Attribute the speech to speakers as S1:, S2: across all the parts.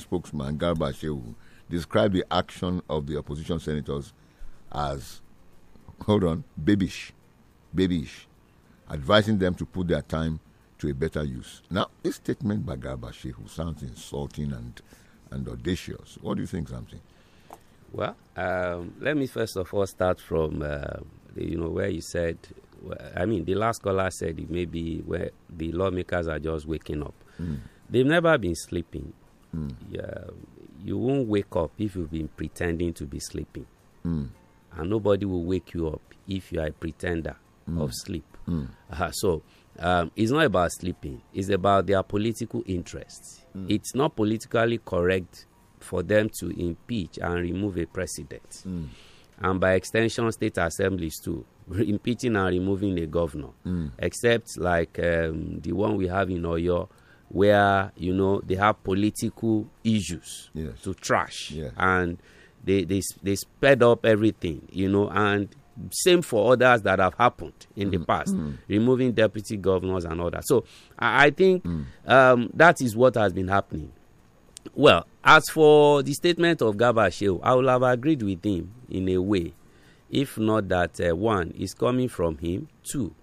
S1: spokesman Garba Shehu described the action of the opposition senators as, hold on, babyish, babyish, advising them to put their time to a better use. Now, this statement by Garba Shehu sounds insulting and, and audacious. What do you think, something?
S2: Well, um, let me first of all start from, uh, the, you know, where you said, I mean, the last caller said it may be where the lawmakers are just waking up. Mm. They've never been sleeping. Mm. Yeah, you won't wake up if you've been pretending to be sleeping. Mm. And nobody will wake you up if you are a pretender mm. of sleep. Uh, so um, it's not about sleeping, it's about their political interests. Mm. It's not politically correct for them to impeach and remove a president. Mm. And by extension, state assemblies too impeaching and removing a governor, mm. except like um, the one we have in Oyo, where you know they have political issues yes. to trash yes. and they, they they sped up everything you know and same for others that have happened in mm. the past mm. removing deputy governors and all that so i, I think mm. um, that is what has been happening well as for the statement of garba shehu i would have agreed with him in a way if not that uh, one is coming from him two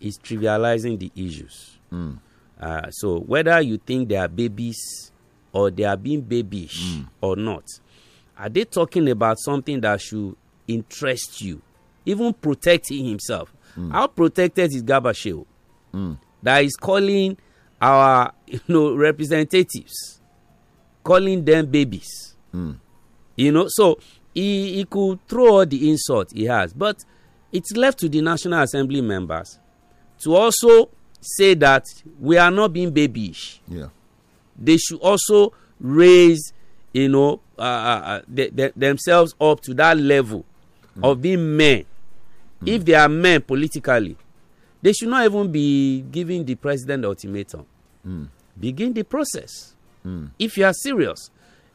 S2: is trivializing the issues mm. Uh, so whether you think they are babies or they are being babyish mm. or not, are they talking about something that should interest you? Even protecting himself. Mm. How protected is Gabashew? Mm. That is calling our you know representatives, calling them babies. Mm. You know, so he, he could throw all the insult he has, but it's left to the National Assembly members to also say that we are not being babyish. Yeah. They should also raise, you know, uh, uh, th- uh, th- themselves up to that level mm. of being men. Mm. If they are men politically, they should not even be giving the president the ultimatum. Mm. Begin the process. Mm. If you are serious,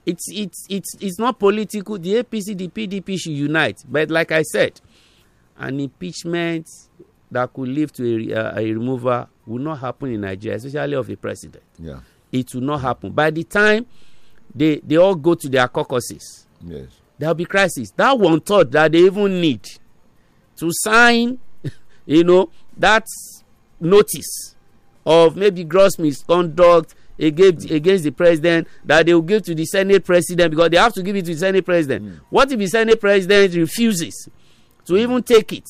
S2: it's it's it's it's not political. The APC, the PDP should unite. But like I said, an impeachment that could lead to a, uh, a removal will not happen in Nigeria, especially of a president. Yeah. It will not happen. By the time they, they all go to their caucuses, yes. there be crisis. That one thought that they even need to sign, you know, that notice of maybe gross misconduct against, against the president that they will give to the senate president because they have to give it to the senate president. Mm. What if the senate president refuses to even take it?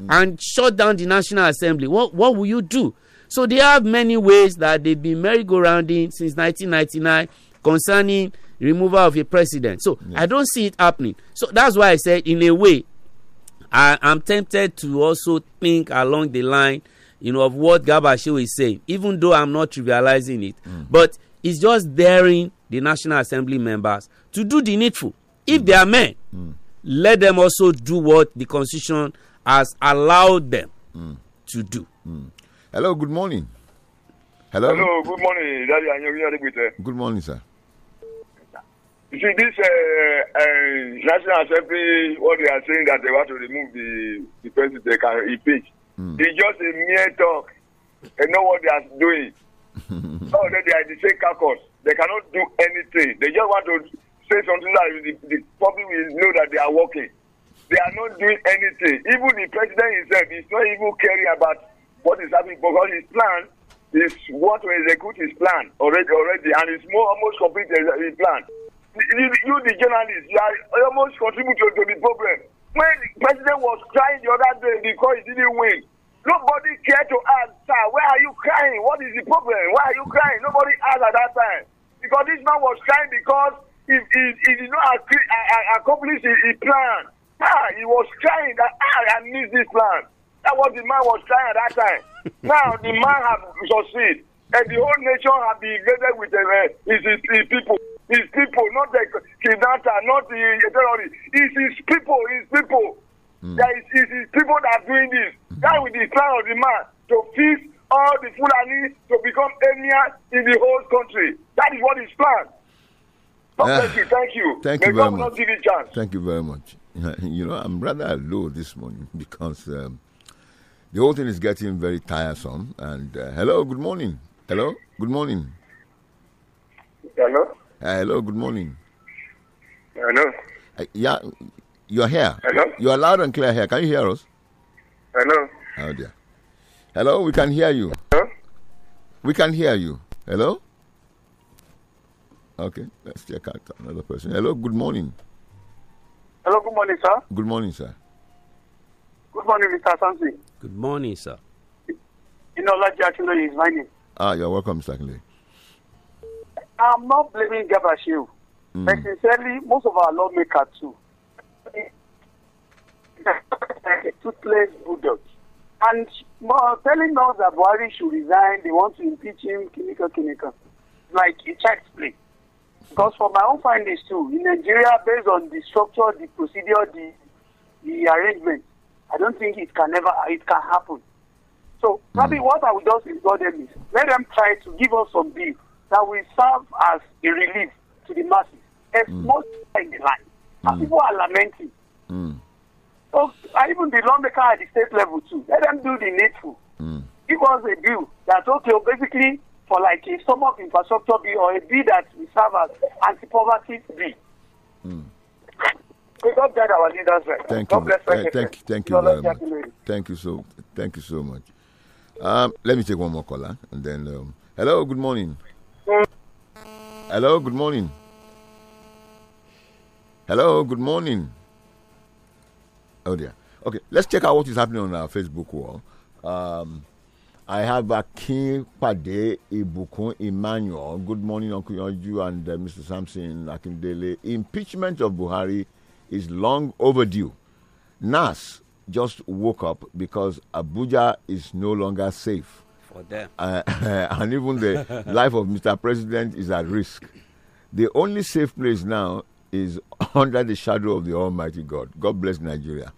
S2: Mm. and shut down the National Assembly, what, what will you do? So they have many ways that they've been merry-go-rounding since 1999 concerning removal of a president. So yeah. I don't see it happening. So that's why I said, in a way, I, I'm tempted to also think along the line, you know, of what Gabashew is saying, even though I'm not trivializing it. Mm. But it's just daring the National Assembly members to do the needful. If mm. they are men, mm. let them also do what the Constitution has allowed them mm. to do. Mm. Hello, good
S1: morning. Hello. Hello, good
S3: morning, Daddy you. Good morning, sir. You see, this uh, uh, National Assembly, what they are saying that they want to remove the, the president, they can impeach. Mm. It's just a mere talk. They know what they are doing. so oh, they are the same carcass. They cannot do anything. They just want to say something that the, the public will know that they are working. They are not doing anything. Even the president himself is not even caring about what is happening because his plan is what to execute his plan already already and it's more almost complete his plan. You, you the journalist, you are almost contributing to, the problem. When the president was crying the other day because he didn't win, nobody cared to ask, sir, where are you crying? What is the problem? Why are you crying? Nobody asked at that time. Because this man was crying because he, he, he did not accomplish his plan. Ah, he was trying that ah, I miss this land. That was the man was trying at that time. now the man have succeeded, and the whole nation have been united with uh, his, his, his people. His people, not the kidnapper, not the terrorist. It's his people, his people. Mm. That is, it's his people that are doing this. Mm. That with the plan of the man to fix all the Fulani to become emir in the whole country. That is what his plan.
S1: yeah. thank you. Thank May you very much. Thank you very much. you know, I'm rather low this morning because um, the whole thing is getting very tiresome. And uh, hello, good morning. Hello, good morning. Hello. Uh, hello, good morning. Hello. Uh, yeah, you're here. Hello. You are loud and clear here. Can you hear us? Hello. Oh dear. Hello, we can hear you. Hello. We can hear you. Hello. Okay, let's check out another person. Hello, good morning. Hello, good morning, sir. Good morning, sir.
S3: Good morning, Mr. Sansi.
S1: Good morning, sir.
S3: You know, Laji Akinloye is my name.
S1: Ah, you're welcome, Mr. Akinloye.
S3: I'm not blaming Gabashiu. Mm. But sincerely, most of our lawmakers too. toothless bulldog. And more, telling us that Buhari should resign, they want to impeach him, chemical, chemical. Like a child's play. Because for my own findings too, in Nigeria, based on the structure, the procedure, the the arrangement, I don't think it can ever it can happen. So hmm. probably mm. what I would just implore them is let them try to give us some bill that will serve as a relief to the masses. As mm. most in the line, mm. people are lamenting. Mm. So uh, even the lawmaker at the state level too, let them do the needful. Mm. Give us a bill that okay, basically for like some of infrastructure be or a that we serve as anti-poverty B. We got that our leaders right. Thank God you. Bless uh, thank,
S1: thank you very much. Thank you so. Thank you so much. Um, let me take one more caller and then. Um, hello. Good morning. Hello. Good morning. Hello. Good morning. Oh dear. Okay. Let's check out what is happening on our Facebook wall. Um, I have a key Akinpade Ibukun Emmanuel. Good morning, Uncle Yonju and uh, Mr. Samson Akindele. Impeachment of Buhari is long overdue. Nas just woke up because Abuja is no longer safe. For them. Uh, and even the life of Mr. President is at risk. The only safe place now is under the shadow of the Almighty God. God bless Nigeria.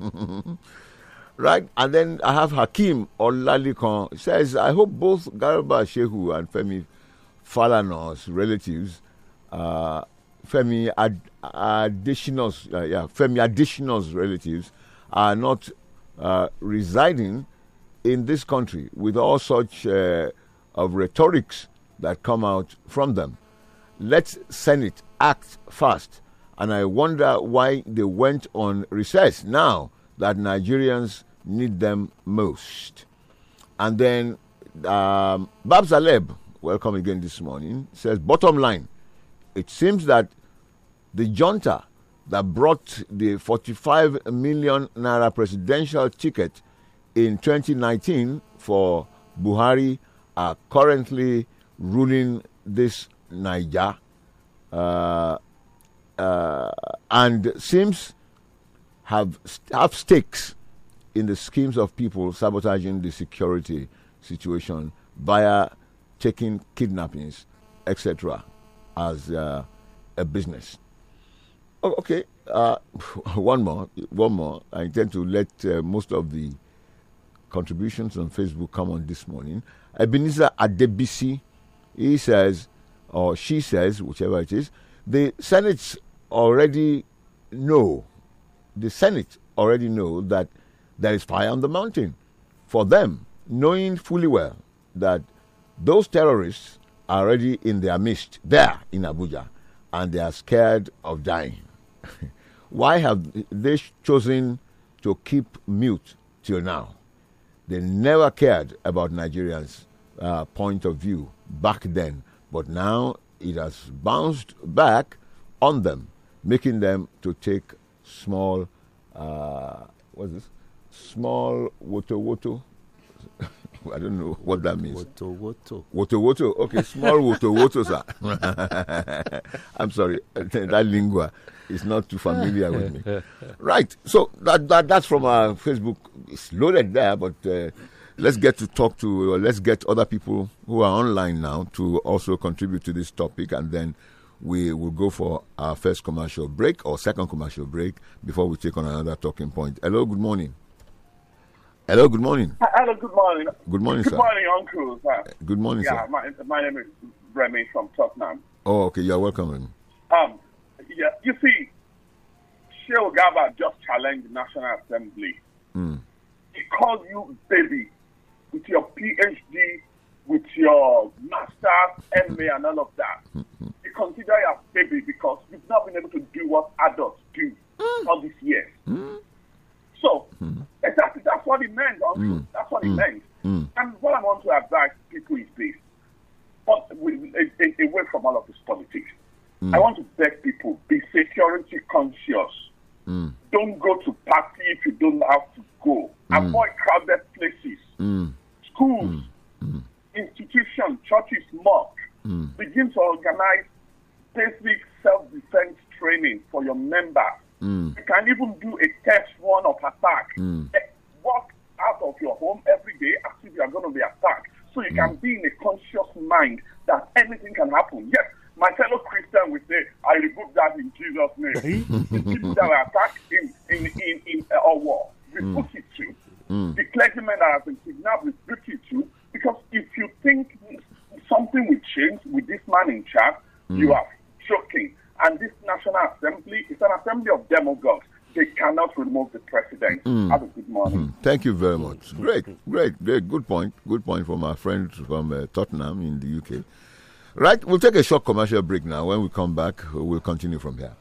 S1: Right? And then I have Hakim Lalikon says, I hope both Garba Shehu and Femi Falana's relatives, uh, Femi Ad- Additional's, uh, yeah, Femi Additional's relatives are not uh, residing in this country with all such uh, of rhetorics that come out from them. Let's act fast. And I wonder why they went on recess now that Nigerians need them most. And then um, Bab Zaleb, welcome again this morning, says, bottom line, it seems that the junta that brought the 45 million naira presidential ticket in 2019 for Buhari are currently ruling this Niger. Uh, uh, and seems have, have stakes in the schemes of people sabotaging the security situation via taking kidnappings, etc., as uh, a business. okay, uh, one more, one more. I intend to let uh, most of the contributions on Facebook come on this morning. Ebenezer Adebisi, he says, or she says, whichever it is, the Senate already know the Senate already know that there is fire on the mountain. For them, knowing fully well that those terrorists are already in their midst there in Abuja and they are scared of dying. Why have they chosen to keep mute till now? They never cared about Nigerians' uh, point of view back then, but now it has bounced back on them, making them to take small, uh, what's this? Small woto woto. I don't know what that means. Woto woto. Woto woto. Okay, small woto woto, sir. I'm sorry, that lingua is not too familiar with me. Right. So that, that that's from our uh, Facebook. It's loaded there, but. Uh, let's get to talk to, let's get other people who are online now to also contribute to this topic, and then we will go for our first commercial break or second commercial break before we take on another talking point. Hello, good morning. Hello, good morning.
S4: Uh, hello, good morning. Good morning, good sir. morning, Uncle. Sir. Uh,
S1: good morning, yeah, sir.
S4: My, my name is Remy from Tottenham.
S1: Oh, okay. You're welcome, Remy.
S4: Um, yeah, you see, Shehu Gaba just challenged National Assembly. Mm. He called you baby with your PhD with your master, MA, and all of that, mm-hmm. you consider your baby because you've not been able to do what adults do mm. all these years. Mm. So, mm. exactly, that's what it meant. Mm. That's what it mm. meant. Mm. And what I want to advise people is this but away from all of this politics, mm. I want to beg people be security conscious. Don't go to party if you don't have to go. Avoid crowded places, schools. Mm institutions, churches, mosques, mm. begin to organize basic self defense training for your members. Mm. You can even do a test run of attack. Mm. Eh, Walk out of your home every day as if you are going to be attacked. So you can hmm. be in a conscious mind that anything can happen. Yes, my fellow Christian we say, I rebuke that in Jesus' name. the people that were attacked in, in, in, in our war, rebuke mm. it too. Mm. The clergyman that has been kidnapped, rebuke it too. Because if you think something will change with this man in charge, mm. you are joking. And this National Assembly is an assembly of demagogues. They cannot remove the president. Mm. Have a
S5: good morning.
S1: Mm. Thank you very much. Great, great, great. Good point. Good point from our friend from uh, Tottenham in the UK. Right, we'll take a short commercial break now. When we come back, we'll continue from here.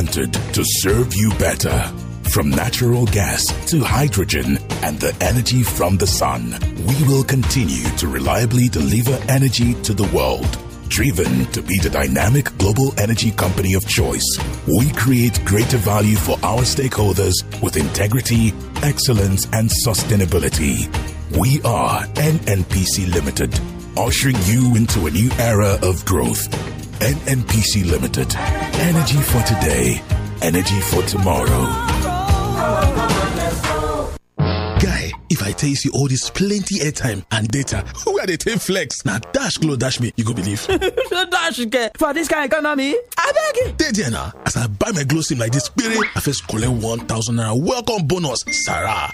S6: to serve you better. From natural gas to hydrogen and the energy from the sun, we will continue to reliably deliver energy to the world. Driven to be the dynamic global energy company of choice, we create greater value for our stakeholders with integrity, excellence, and sustainability. We are NNPC Limited, ushering you into a new era of growth NNPC Limited. Energy for today, energy for tomorrow. Guy, if I tell you all this plenty airtime and data, where they take flex? Now dash glow dash me, you go believe. dash get for this kind economy. I beg you. Dey there As I buy my glow sim like this, spirit, I first collect one thousand naira welcome bonus, Sarah.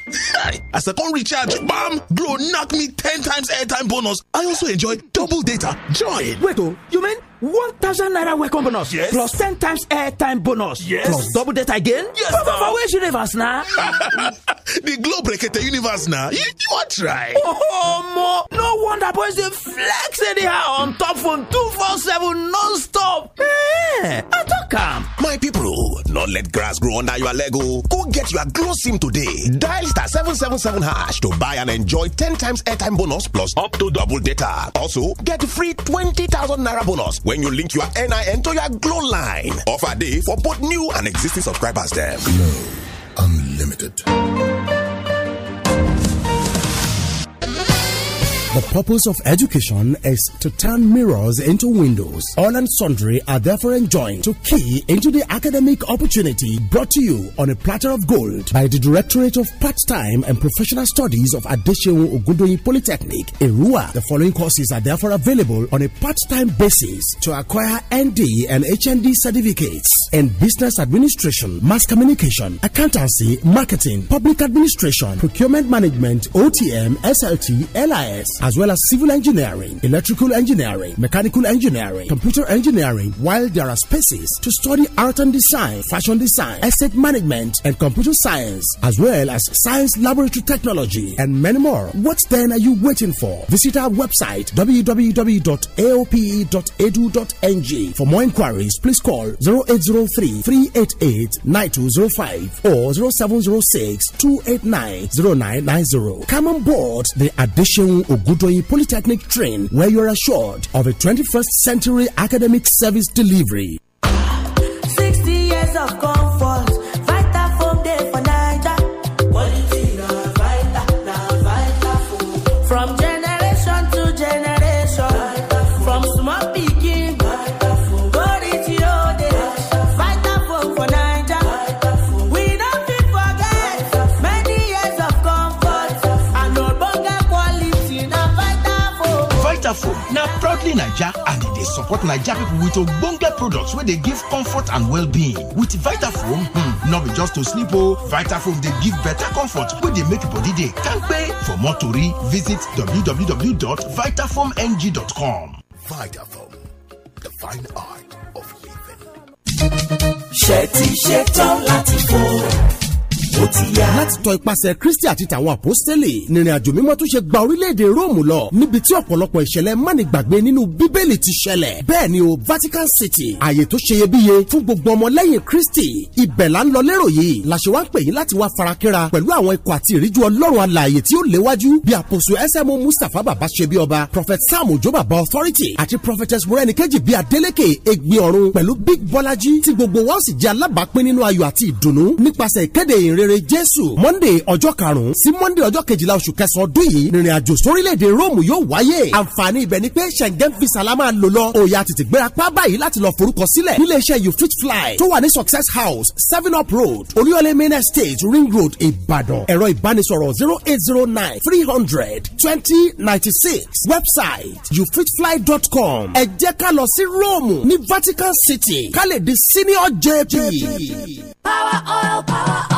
S6: As I come recharge, bam, glow knock me ten times airtime bonus. I also enjoy double data. Join. Wait, oh, you mean One thousand naira welcome bonus yes plus ten times airtime bonus yes plus double data again yes papa where's universe na the globe the universe na you wan try oh mo no wonder boys dey flex
S7: anyhow on top phone two four seven non-stop ehn
S6: i tok am my pipo no let grass grow under your leg o oh. go get your glow sim today dial star seven seven seven hash to buy and enjoy ten times airtime bonus plus up to double data also get free twenty thousand naira bonus when you link your NIN to your Glow line. Offer day for both new and existing subscribers. Them. Glow Unlimited.
S8: The purpose of education is to turn mirrors into windows. All and sundry are therefore enjoined to key into the academic opportunity brought to you on a platter of gold by the Directorate of Part-Time and Professional Studies of Adeshewu Ogundoyi Polytechnic, Irua. The following courses are therefore available on a part-time basis to acquire ND and HND certificates in Business Administration, Mass Communication, Accountancy, Marketing, Public Administration, Procurement Management, OTM, SLT, LIS, as well as civil engineering, electrical engineering, mechanical engineering, computer engineering, while there are spaces to study art and design, fashion design, asset management, and computer science, as well as science laboratory technology, and many more. What then are you waiting for? Visit our website www.aope.edu.ng. For more inquiries, please call 0803 388 9205 or 0706 289 0990. Come on board the addition of a Polytechnic train where you're assured of a 21st century academic service delivery.
S9: 60 years of
S8: Nestle Naija and they support Naija people with ogbonge products where they give comfort and well-being. With Vitafoam, hmm, no be just to sleep oh. Vitafoam they give better comfort where they make body dey kampe. For more tori, visit www.vitafoamng.com. Vitafoam, the fine art of living.
S10: Ṣé ti ṣe
S8: ó ti yá. láti tọ ipasẹ̀ kristi àti tàwọn àpọ́sítélì nìrìn àjò mímọ́ tó ṣe gba orílẹ̀-èdè róòmù lọ níbi tí ọ̀pọ̀lọpọ̀ ìṣẹ̀lẹ̀ mánigbàgbé nínú bíbélì ti ṣẹlẹ̀ bẹ́ẹ̀ ni o vatican city àyè tó ṣeyebíye fún gbogbo ọmọlẹ́yìn kristi ibẹ̀ là ń lọ lérò yìí làṣẹ wá ń pè yín láti wá farakínra pẹ̀lú àwọn ikọ̀ àti ìríjú ọlọ́run alààyè tí ó léwájú bí àpòsù smo mustapha baba ṣe bí ọba prophet sam ojo baba authority àti prophetess morenikeji bí adeleke egbin ọ̀run pẹ̀lú big bọ́lájí tí gbogbo wa ó sì jẹ́ alábàápín nínú ayọ̀ àti ìdùnnú nípasẹ̀ ìkéde ìrere jésù monday ọjọ́ karùn-ún sí monday ọjọ́ kejìlá oṣù kẹsàn-án ọdún yìí ìrìn àjò sórílẹ̀-èdè rome yóò wáyé àǹfààní ibẹ̀ ni pé schengen visa la máa lò lọ òòyà tètè gbéra pa báyìí láti lọ forúkọ sílẹ̀ nílé you fit fly tó wà ní success house seven up road olúyọlé main estate ring road ìbàdàn ẹ̀rọ ìbánisọ̀rọ̀ zero eight zero nine three hundred twenty ninety six website youfitfly.com ẹ jẹ́ ká lọ sí rome ní vatican city ká lè di senior jp. power
S11: oil power oil.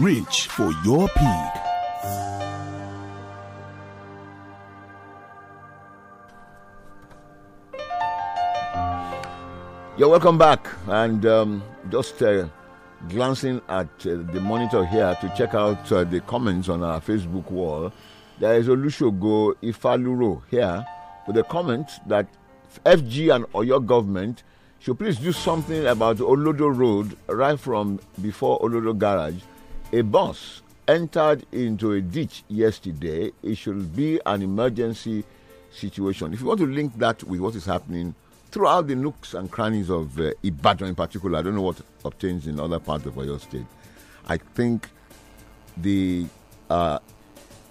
S6: Reach for your peak.
S1: You're welcome back, and um, just uh, glancing at uh, the monitor here to check out uh, the comments on our Facebook wall. There is Olushogo Ifaluro here with a comment that FG and Oyo government should please do something about Olodo Road right from before Olodo Garage a bus entered into a ditch yesterday. It should be an emergency situation. If you want to link that with what is happening throughout the nooks and crannies of uh, Ibadan in particular, I don't know what obtains in other parts of Oyo State. I think the uh,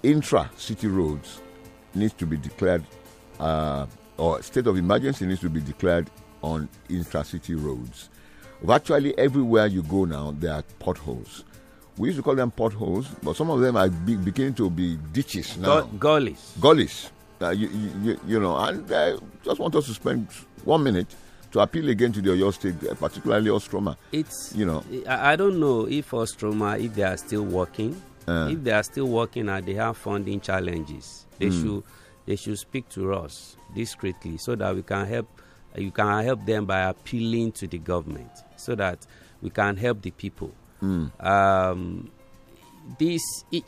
S1: intra city roads needs to be declared, uh, or state of emergency needs to be declared on intra city roads. Virtually everywhere you go now, there are potholes we used to call them potholes, but some of them are be, beginning to be ditches now. gullies. Gullies. Uh, you, you, you, know, and I just want us to spend one minute to appeal again to the Oyo State, uh, particularly Ostroma. It's, you know.
S2: I don't know if Ostroma, if they are still
S1: working, uh, if they are still working and they have
S2: funding challenges, they mm. should they should speak to us discreetly so that we can help you can help them by appealing to the government so that we can help the people Mm. Um, this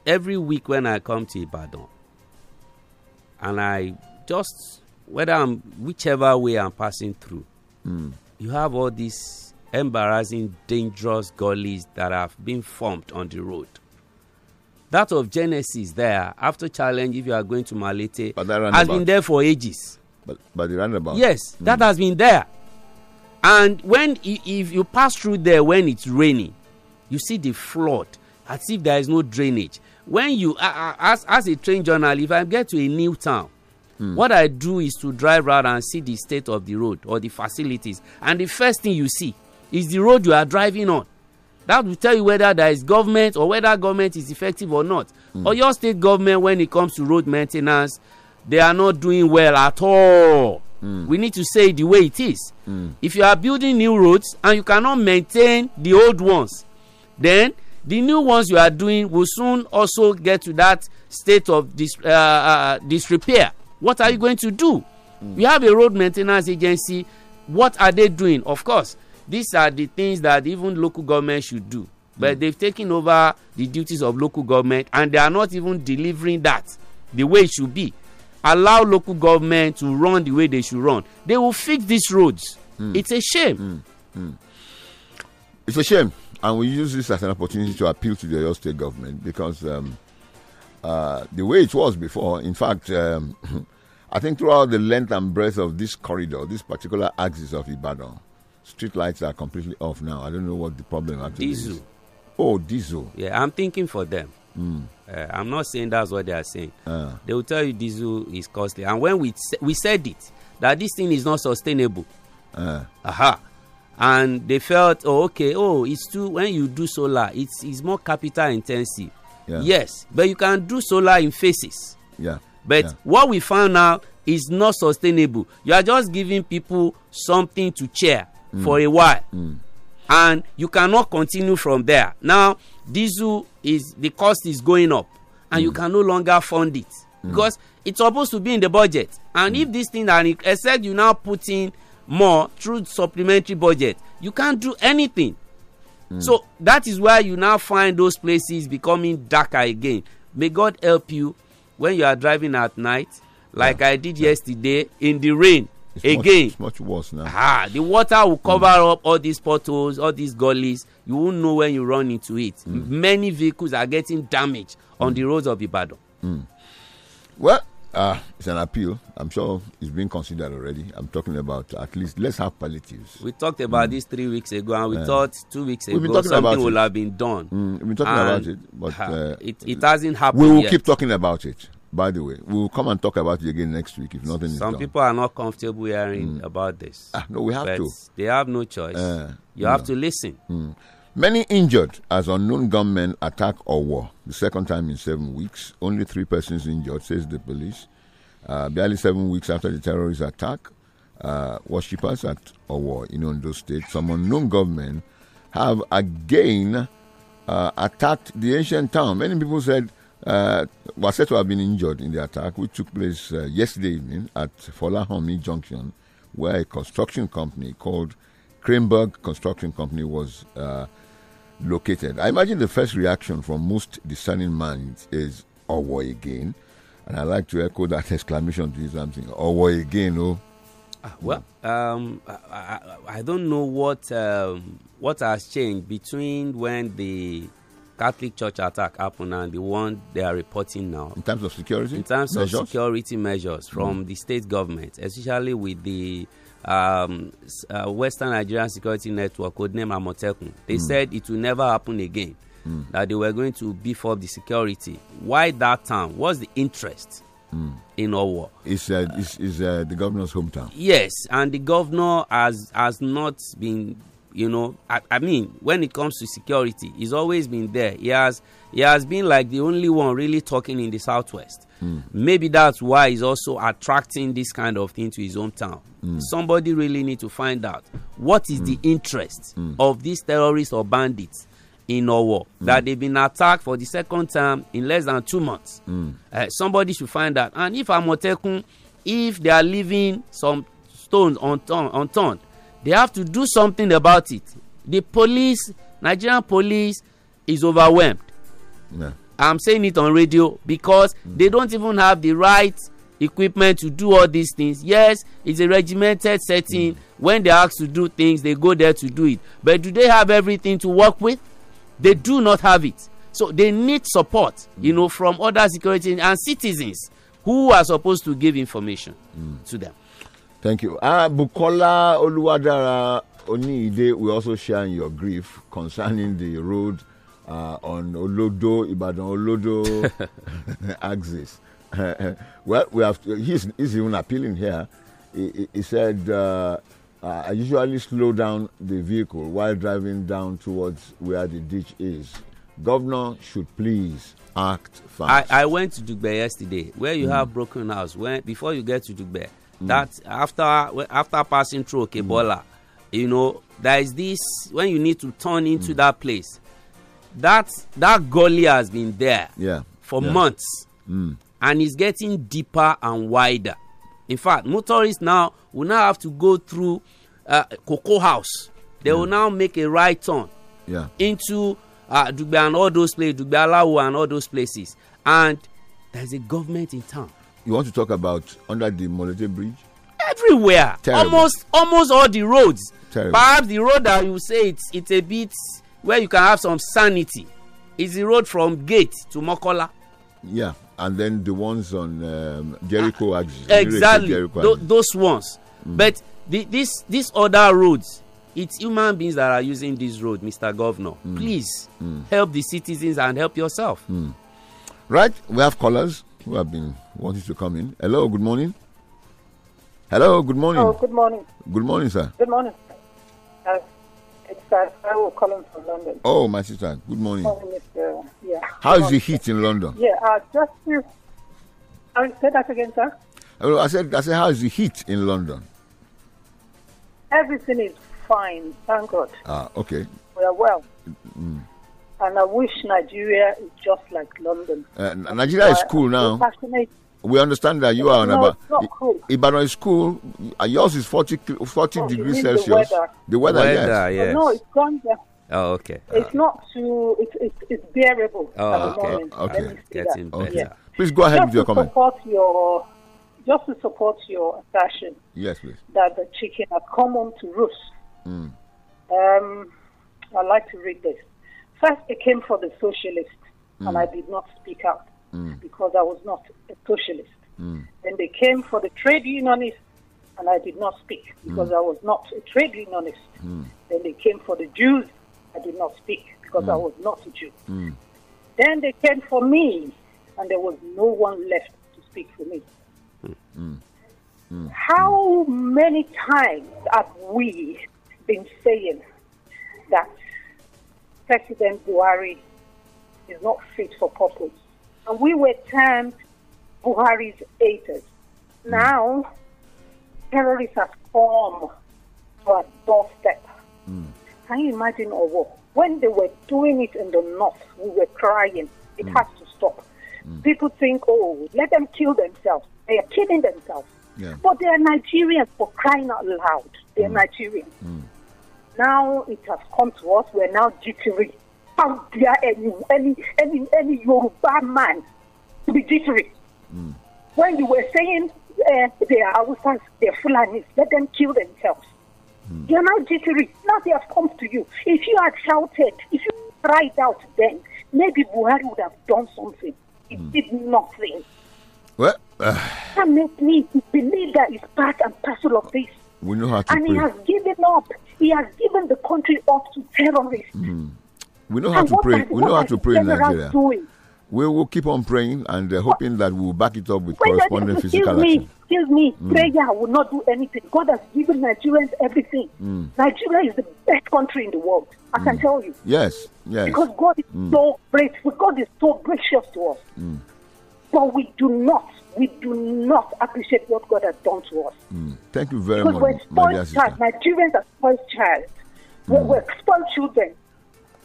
S2: every week when I come to Ibadan, and I just whether I'm whichever way I'm passing through, mm. you have all these embarrassing, dangerous gullies that have been formed on the road. That of Genesis there after challenge, if you are going to Malete, has been there
S1: for ages. But but the roundabout.
S2: Yes, mm. that has been there. And when if you pass through there when it's raining, you see the flood as if there is no drainage when you as as a train journalist if i get to a new town mm. what i do is to drive around and see the state of the road or the facilities and the first thing you see is the road you are driving on that will tell you whether there is government or whether government is effective or not mm. or your state government when it comes to road main ten ance they are not doing well at all mm. we need to say the way it is mm. if you are building new roads and you cannot maintain the old ones then the new ones you are doing will soon also get to that state of dis uh, uh, uh disrepair what are you going to do mm. you have a road maintenance agency what are they doing of course these are the things that even local government should do but mm. they've taken over the duties of local government and they are not even delivering that the way it should be allow local government to run the way they should run
S1: they will fix these roads mm. it's a shame mm. Mm. it's a shame and we use this as an opportunity to appeal to the Oyo State government because um, uh, the way it was before, in fact, um, I think throughout the length and breadth of this corridor, this particular axis of Ibadan, street lights are completely off now. I don't know what the problem actually diesel. is. Oh, diesel.
S2: Yeah, I'm thinking for them. Mm. Uh, I'm not saying that's what they are saying. Uh. They will tell you diesel is costly. And when we we said it, that this thing is not sustainable. Uh. Aha. and they felt oh okay oh it's too when you do solar it's it's more capital intensive yeah. yes but you can do solar in phases yeah but yeah. what we found now is not sustainable you are just giving people something to cheer mm. for a while mm. and you cannot continue from there now diesel is the cost is going up and mm. you can no longer fund it mm. because it's supposed to be in the budget and mm. if this thing are except you now put in more through supplementary budget you can't do anything mm. so that is why you now find those places becoming darker again may god help you when you are driving at night like yeah. i did yeah. yesterday in the rain it's again much,
S1: it's much worse now
S2: ah the water will hmm. cover mm. up all these potholes all these gullies you won't know when you run into it mm. many vehicles are getting damaged on hmm. the roads of ibadan
S1: hmm. well Uh, it's an appeal. I'm sure it's been considered already. I'm talking about at least let's have palliatives. We talked about mm.
S2: this three weeks ago, and we uh, thought two weeks ago something will have been done. Mm, we've been talking about it, but uh, it, it hasn't happened. We will yet. keep
S1: talking about it. By the way, we will come and talk about it again next week if nothing Some done.
S2: people are not comfortable hearing mm. about this. Ah, no, we have to. They have no choice. Uh, you no. have to listen.
S1: Mm. Many injured as unknown gunmen attack or war. The second time in seven weeks. Only three persons injured, says the police. Uh, barely seven weeks after the terrorist attack, uh, worshippers at Owo in Ondo State, some unknown gunmen have again uh, attacked the ancient town. Many people said uh, were said to have been injured in the attack, which took place uh, yesterday evening at Folahomi Junction, where a construction company called Kremberg Construction Company was uh, located. I imagine the first reaction from most discerning minds is Owo again. And I like to echo that exclamation to something. Owo again, oh.
S2: Ah, well, um, I, I, don't know what um, what has changed between when the Catholic Church attack happened and the one they are reporting now. In terms of security, in terms measures? of security measures from mm. the state government, especially with the um, uh, Western Nigerian Security Network, codename Amotekun, they mm. said it will never happen again. Mm. That they were going to beef up the security. Why that town? What's the interest
S1: mm. in our war? It's, uh, it's, it's uh, the governor's hometown.
S2: Yes, and the governor has has not been, you know, I, I mean, when it comes to security, he's always been there. He has he has been like the only one really talking in the southwest Mm. Maybe that's why he's also attracting this kind of thing to his hometown. Mm. Somebody really need to find out what is mm. the hmm. interest hmm. of these terrorists or bandits in our war hmm. that they've been attacked for the second time in less than two months. Uh, somebody should find out. And if Amotekun, if they are leaving some stones unturned, unturned, they have to do something about it. The police, Nigerian police, is overwhelmed. Yeah I'm saying it on radio because mm. they don't even have the right equipment to do all these things. Yes, it's a regimented setting. Mm. When they ask to do things, they go there to do it. But do they have everything to work with? They do not have it. So they need support, mm. you know, from other security and citizens
S1: who are supposed to give information mm. to them. Thank you. Uh, Bukola Oluwadara Oniide, we also share your grief concerning the road uh, on Olodo Ibadan Olodo axis. well, we have to, he's, he's even appealing here. He, he, said, uh, uh, I usually slow down the vehicle while driving down towards where the ditch is. Governor should please act fast.
S2: I, I went to Dugbe yesterday, where you mm. have broken house. When before you get to Dugbe, mm. that after after passing through Kebola, mm. you know there is this when you need to turn into mm. that place that that gully has been there
S1: yeah. for yeah.
S2: months mm. and it's getting deeper and wider in fact motorists now will now have to go through uh, cocoa house they mm. will now make a right turn yeah. into uh, dugbe and all those places dugbe alawo and all those places and there's a government in town.
S1: you want to talk about under the molete bridge. everywhere Terrible.
S2: almost almost all the roads. Terrible. perhaps the road that you say it's it's a bit where you can have some sanity is the road from gate to mokola.
S1: yeah and then the ones on um, jericho uh, ah, axis exactly jericho
S2: Th those ones mm. but the, this these other roads it's human beings that are using this road mr governor
S1: mm. please mm. help the citizens and help yourself. Mm. right we have callers who have been wanting to come in hello good morning hello good morning. oh good morning. good morning sir.
S12: good morning. sister. Taiwo calling from London.
S1: Oh, my sister. Good morning.
S12: morning yeah.
S1: How is the heat in London?
S12: Yeah, uh, just I say that again, sir.
S1: I said, I said, how is the heat in London?
S12: Everything is fine, thank God.
S1: Ah, okay. We are well. Mm.
S12: And I wish Nigeria is just like London.
S1: Uh, Nigeria is cool now. Passionate we understand that you are on no, about cool. Ibadan is cool. Uh, yours is 40, 40 degrees Celsius. The weather, the weather, weather yes. yes. No, it's gone Oh, okay.
S12: It's uh, not too. It's it's, it's bearable. Oh, okay. Moment. Okay. Getting better. Okay. Yeah. Please go ahead just with your comment. Support your, just to support your assertion. Yes, please. That the chicken are common to roost. Mm. Um, I'd like to read this. First, it came for the socialists, mm. and hmm. I did not speak out mm. because I was not a socialist. Mm. Then they came for the trade unionists, and I did not speak because mm. I was not a trade unionist. Mm. Then they came for the Jews, I did not speak because I mm. was not a Jew. Then they came for me, and there was no one left to speak for me. How many times have we been saying that President Buhari is not fit for purpose? And we were termed Buhari's haters. Hmm. Now, terrorists have come to our doorstep. Mm. Can you imagine Owo? When they were doing it in the north, we were crying. It mm. has to stop. Mm. People think, oh, let them kill themselves. They are killing themselves. Yeah. But they are Nigerians for crying out loud. They are hmm. Nigerians. Hmm. Now it has come to us. We're now jittery out there any any any any Yoruba man to be different. Mm. When you were saying uh, eh, they are Hausas, they are Fulanis, let them kill themselves. Mm. You're now jittery. Now they have come to you. If you had shouted, if you cried out then, maybe Buhari would have done something. He mm. did nothing. What uh, that makes me believe that it's part and parcel of this.
S1: We know how to And pray. he has
S12: given up. He has given the country up to terrorists. Mm.
S1: We know how and to pray. We know how to pray in Nigeria. Doing. We will keep on praying and uh, hoping that we will back it up with prayer corresponding physical action.
S12: Excuse me, mm. prayer will not do anything. God has given Nigerians everything. Mm. Nigeria is the best country in the world. I mm. can tell you.
S1: Yes, yes. Because
S12: God is mm. so great. God is so gracious to us. Mm. But we do not, we do not appreciate what God has done to us. Mm.
S1: Thank you very because much. Because we're
S12: spoiled child. Nigerians are spoiled child. We're, we're spoiled children.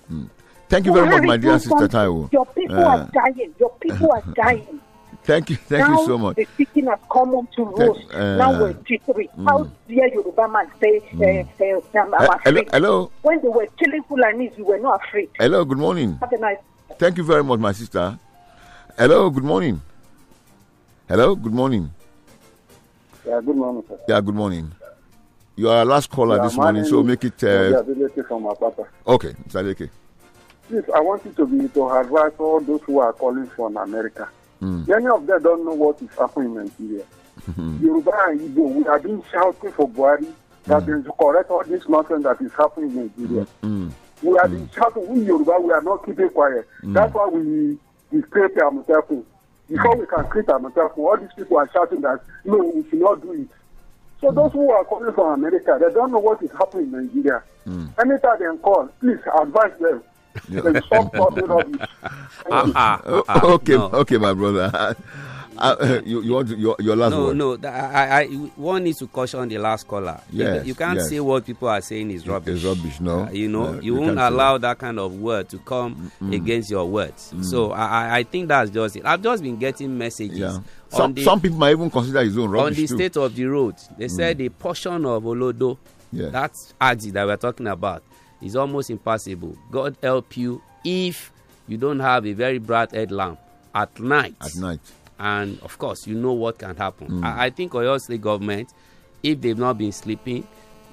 S1: Mm. Thank you very much, my dear sister Taiwo. Your people uh, are
S12: dying. Your people are dying.
S1: Thank you, thank now you so much. The
S12: chicken has come home to roast. Uh, now we're jittery. Uh, mm. How dare you, man say, uh, mm. uh,
S1: hello, hello.
S12: When they were killing Fulanis, you were not afraid.
S1: Hello, good morning. Have a nice Thank you very much, my sister. Hello, good morning. Hello, good morning.
S13: Yeah, good morning, sir.
S1: Yeah, good morning. You are our last caller this morning, so make it. Uh, okay, Mr.
S13: Please, I want you to be to advise all those who are calling from America. Mm. Many
S4: of them don't know what is happening in Nigeria. Hmm. Yoruba and Igbo, we have been shouting for Buhari that mm. is correct all this nonsense that is happening in Nigeria. Mm. We are mm. in charge, we Yoruba, we are not keeping quiet. Mm. That's why we, we create Amotekun. Before hmm. we can create Amotekun, all these people are shouting that, no, we should not do it. So those who are coming from America, they don't know what is happening in Nigeria. Mm. Anytime they call, please advise them.
S2: Yeah. stop talking rubbish. Ah, ah, ah, okay, no. okay,
S1: my brother. Uh, uh, you, you want to, your, your last no, word?
S2: No, no. I, I, one needs to caution the last caller. Yes, you, you can't yes. say what people are saying is rubbish. It's
S1: rubbish, no. Uh, you know, no, you, you won't allow
S2: that. that kind of word to come mm. against your words. Mm. So I, I think that's just it. I've just been getting messages.
S1: Yeah. Some, the, some people might even consider his own rubbish. On the too. state
S2: of the road, they mm. said the portion of Olodo, yeah. that aji that we're talking about, is almost impassable. God help you if you don't have a very bright headlamp at night. At night and of course you know what can happen. Mm. I, I think Oyo State government, if they've not been sleeping,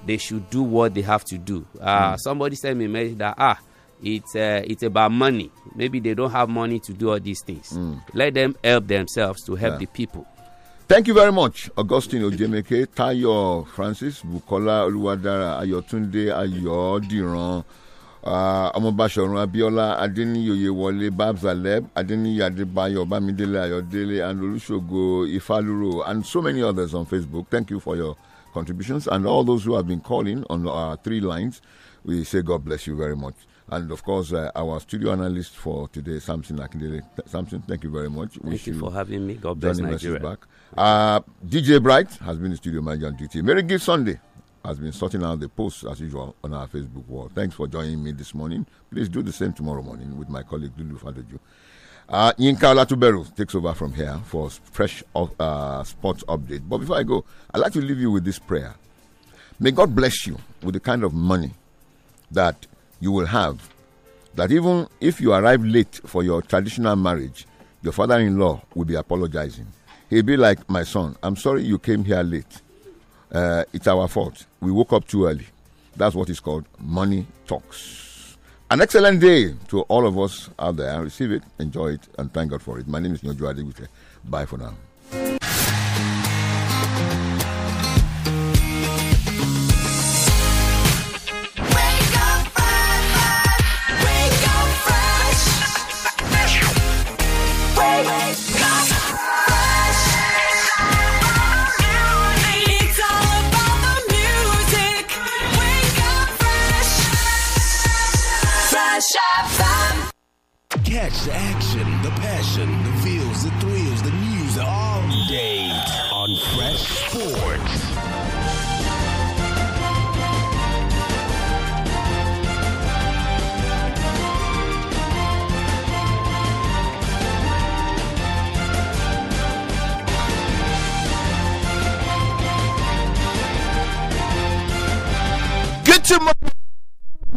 S2: they should do what they have to do. Uh, mm. Somebody sent me message that ah, it's uh, it's about money. Maybe they don't have money to do all these things. Mm. Let them help themselves to help yeah. the people.
S1: Thank you very much, Augustine Ojemeke, Tayo Francis, Bukola Oluwadara, Ayotunde Ayodiran. Uh, ọmọbaṣọ̀run abíọ́lá adéníyòye wọlé babzaleb adéníyè adébáyọ̀ bámidélé ayọ̀délé and olùṣògo ifálúrò and so many others on facebook thank you for your contributions and all those who have been calling on our three lines we say god bless you very much and of course uh, our studio analyst for today samson akindele samson thank you very much thank you, you for having me god bless nigeria back. Uh, dj bright has been the studio manager on duty merry gift sunday has been sorting out the posts as usual on our Facebook wall. Thanks for joining me this morning. Please do the same tomorrow morning with my colleague Lulu Fadoju. Uh, Yinka Olatuberu takes over from here for fresh uh, sports update. But before I go, I'd like to leave you with this prayer. May God bless you with the kind of money that you will have. That even if you arrive late for your traditional marriage, your father in law will be apologizing. He'll be like, My son, I'm sorry you came here late uh, it's our fault. We woke up too early. That's what is called money talks. An excellent day to all of us out there. Receive it, enjoy it, and thank God for it. My name is Nyojo Adigute. Bye for now.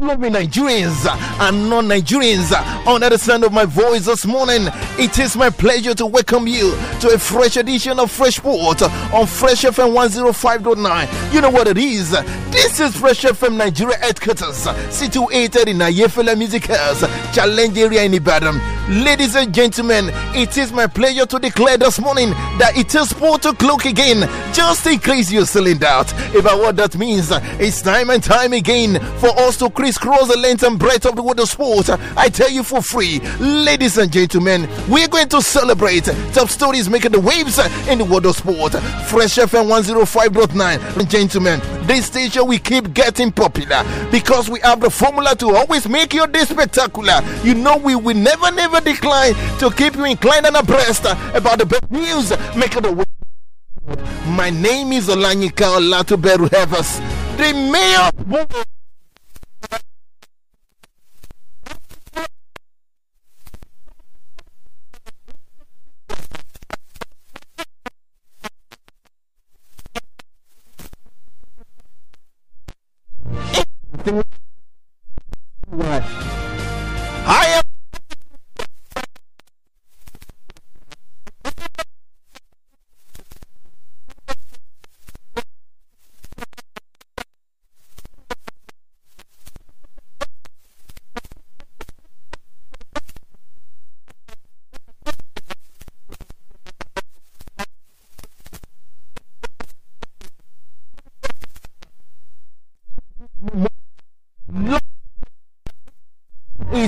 S14: lovely Nigerians uh, and non Nigerians under uh, the sound of my voice this morning. It is my pleasure to welcome you to a fresh edition of Fresh Port on Fresh FM 105.9. You know what it is? This is Fresh FM Nigeria headquarters, situated in Ayefele Music House, Challenge Area in Ibadan. Ladies and gentlemen, it is my pleasure to declare this morning that it is 4 o'clock again, just increase your you're still doubt about what that means. It's time and time again for us to Chris please cross the length and breadth of the world of sport, I tell you for free, ladies and gentlemen, we're going to celebrate top stories making the waves in the world of sport. Fresh FM 105.9. Gentlemen, this station we keep getting popular because we have the formula to always make your day spectacular. You know, we will never, never decline to keep you inclined and abreast about the best news making the waves. My name is Olanyika Olatuberu Hevers, the mayor. thing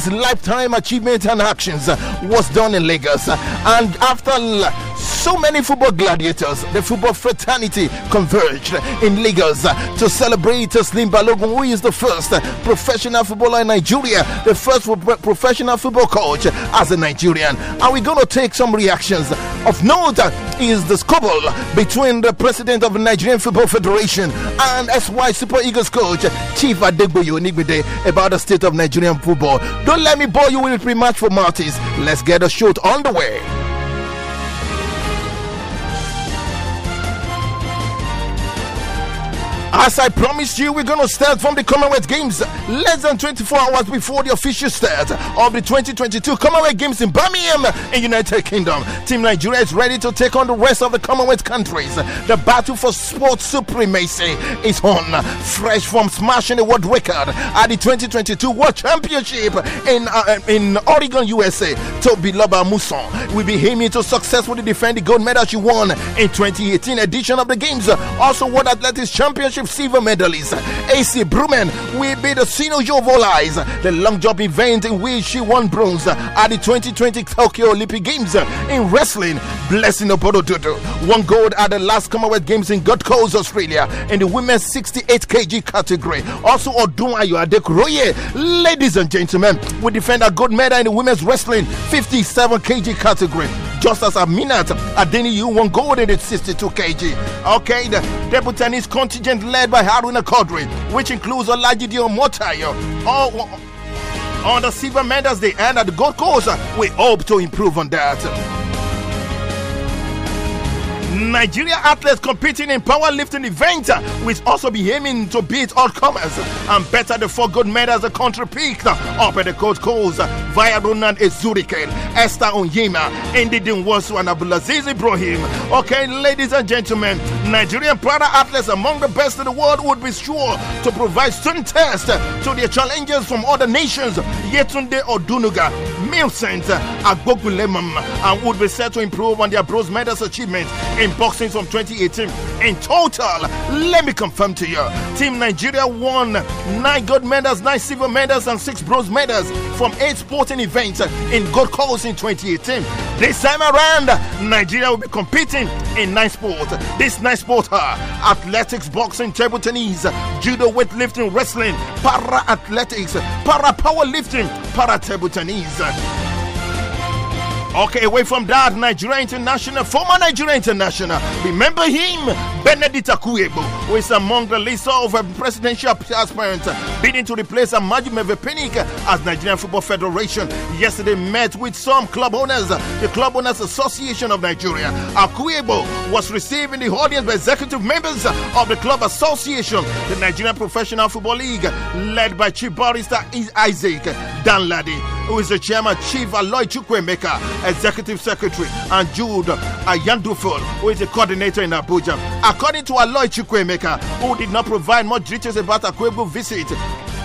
S14: his lifetime achievements and actions was done in Lagos. And after so many football gladiators, the football fraternity converged in Lagos to celebrate Slim Balogun, who is the first professional footballer in Nigeria, the first professional football coach as a Nigerian. Are we going to take some reactions? Of note, is the squabble between the president of Nigerian Football Federation and SY Super Eagles coach Chief Adegboyo Nigbide about the state of Nigerian football. Don't let me bore you with remarks for Martis. Let's get a shoot on the way. As I promised you, we're going to start from the Commonwealth Games less than 24 hours before the official start of the 2022 Commonwealth Games in Birmingham in United Kingdom. Team Nigeria is ready to take on the rest of the Commonwealth countries. The battle for sports supremacy is on. Fresh from smashing the world record at the 2022 World Championship in uh, in Oregon, USA, Toby Loba Muson will be aiming to successfully defend the gold medal she won in 2018 edition of the Games. Also, World Athletics Championships silver medalist. AC Bruman will be the senior Jovolize, the long jump event in which she won bronze at the 2020 Tokyo Olympic Games in wrestling. Blessing Dodo won gold at the last Commonwealth Games in Gold Coast, Australia, in the women's 68 kg category. Also, Oduma Adekroye. Ladies and gentlemen, we defend our gold medal in the women's wrestling 57 kg category just as minute, Adeniyi won gold in the 62 kg. Okay, the table tennis contingent led led by Haruna Kodri, which includes Olajide Omotayo. All, on the silver medals they earned at the Gold Coast, we hope to improve on that. Nigeria athletes competing in powerlifting event uh, will also be aiming to beat all comers and better the four gold medals the country picked uh, up at the Gold Coast uh, via Ronald Ezuriken, Esther Onyema, Ndidi Nwosu, and Abdulaziz Ibrahim. Okay, ladies and gentlemen, Nigerian para athletes among the best in the world would be sure to provide student tests to their challengers from other nations. Yetunde Odunuga, Milcent, Agbogulemam, and would be set to improve on their bronze medals achievement in boxing from 2018. In total, let me confirm to you, Team Nigeria won nine gold medals, nine silver medals, and six bronze medals from eight sporting events in gold Coast in 2018. This time around, Nigeria will be competing in nine sports. These nine sports are athletics, boxing, table tennis, judo, weightlifting, wrestling, para athletics, para powerlifting, para table tennis. Okay, away from that, Nigeria International, former Nigeria International. Remember him, Benedict Akuebo, who is among the list of presidential aspirants bidding to replace Amaju Mevepenik as Nigerian Football Federation. Yesterday met with some club owners, the Club Owners Association of Nigeria. Akuebo was received in the audience by executive members of the club association, the Nigerian Professional Football League, led by Chief Barrister Isaac Danladi who is the chairman, Chief Aloy Chukwemeka, Executive Secretary, and Jude Ayandufol, who is the coordinator in Abuja. According to Aloy Chukwemeka, who did not provide much details about Akwebu visit,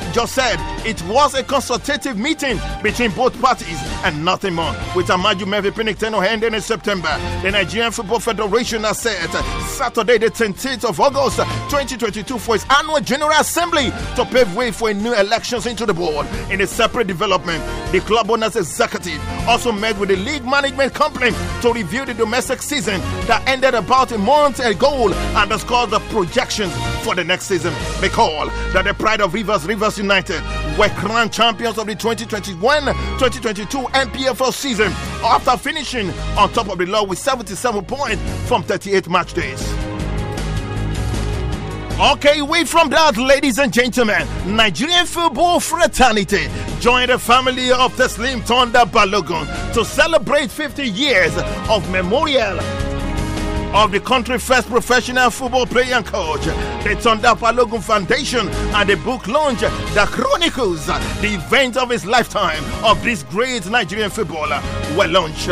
S14: just said it was a consultative meeting between both parties and nothing more. With Amaju Mevi Pinnick ending in September, the Nigerian Football Federation has said Saturday, the 10th of August 2022, for its annual General Assembly to pave way for new elections into the board. In a separate development, the club owners executive also met with the league management company to review the domestic season that ended about a month ago and underscore the projections for the next season. They call that the pride of Rivers, Rivers United were crowned champions of the 2021-2022 NPFL season after finishing on top of the law with 77 points from 38 match days. Okay, away from that, ladies and gentlemen, Nigerian football fraternity joined the family of the Slim Thunder Balogun to celebrate 50 years of memorial of the country's first professional football player and coach, the Thunder Palogun Foundation, and the book launch that chronicles the events of his lifetime of this great Nigerian footballer were launched.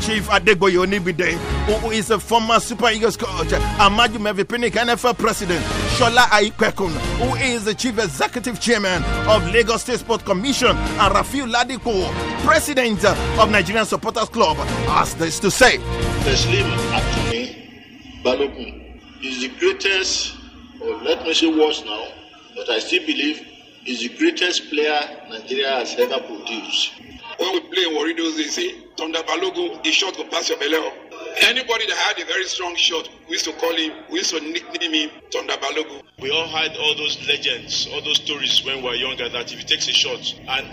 S14: Chief Adegboye Onibide, who is a former Super Eagles coach, Amaju Mevipinik NFL president, Shola Aikekun, who is the Chief Executive Chairman of Lagos State Sports Commission, and Rafiu Ladiko, President of Nigerian Supporters Club, has this to say. Teslim
S1: Atumi Balogun is the greatest, or let me say worse now,
S13: but I still believe is the greatest player Nigeria has ever produced when we play in Warriors, you eh? see, Thunder Balogun, the shot will pass your belly oh. Anybody that had a very strong shot, we used to call him, we used to nickname him Thunder Balogun.
S15: We all
S16: had all those legends, all those stories when we were younger that if he takes a shot and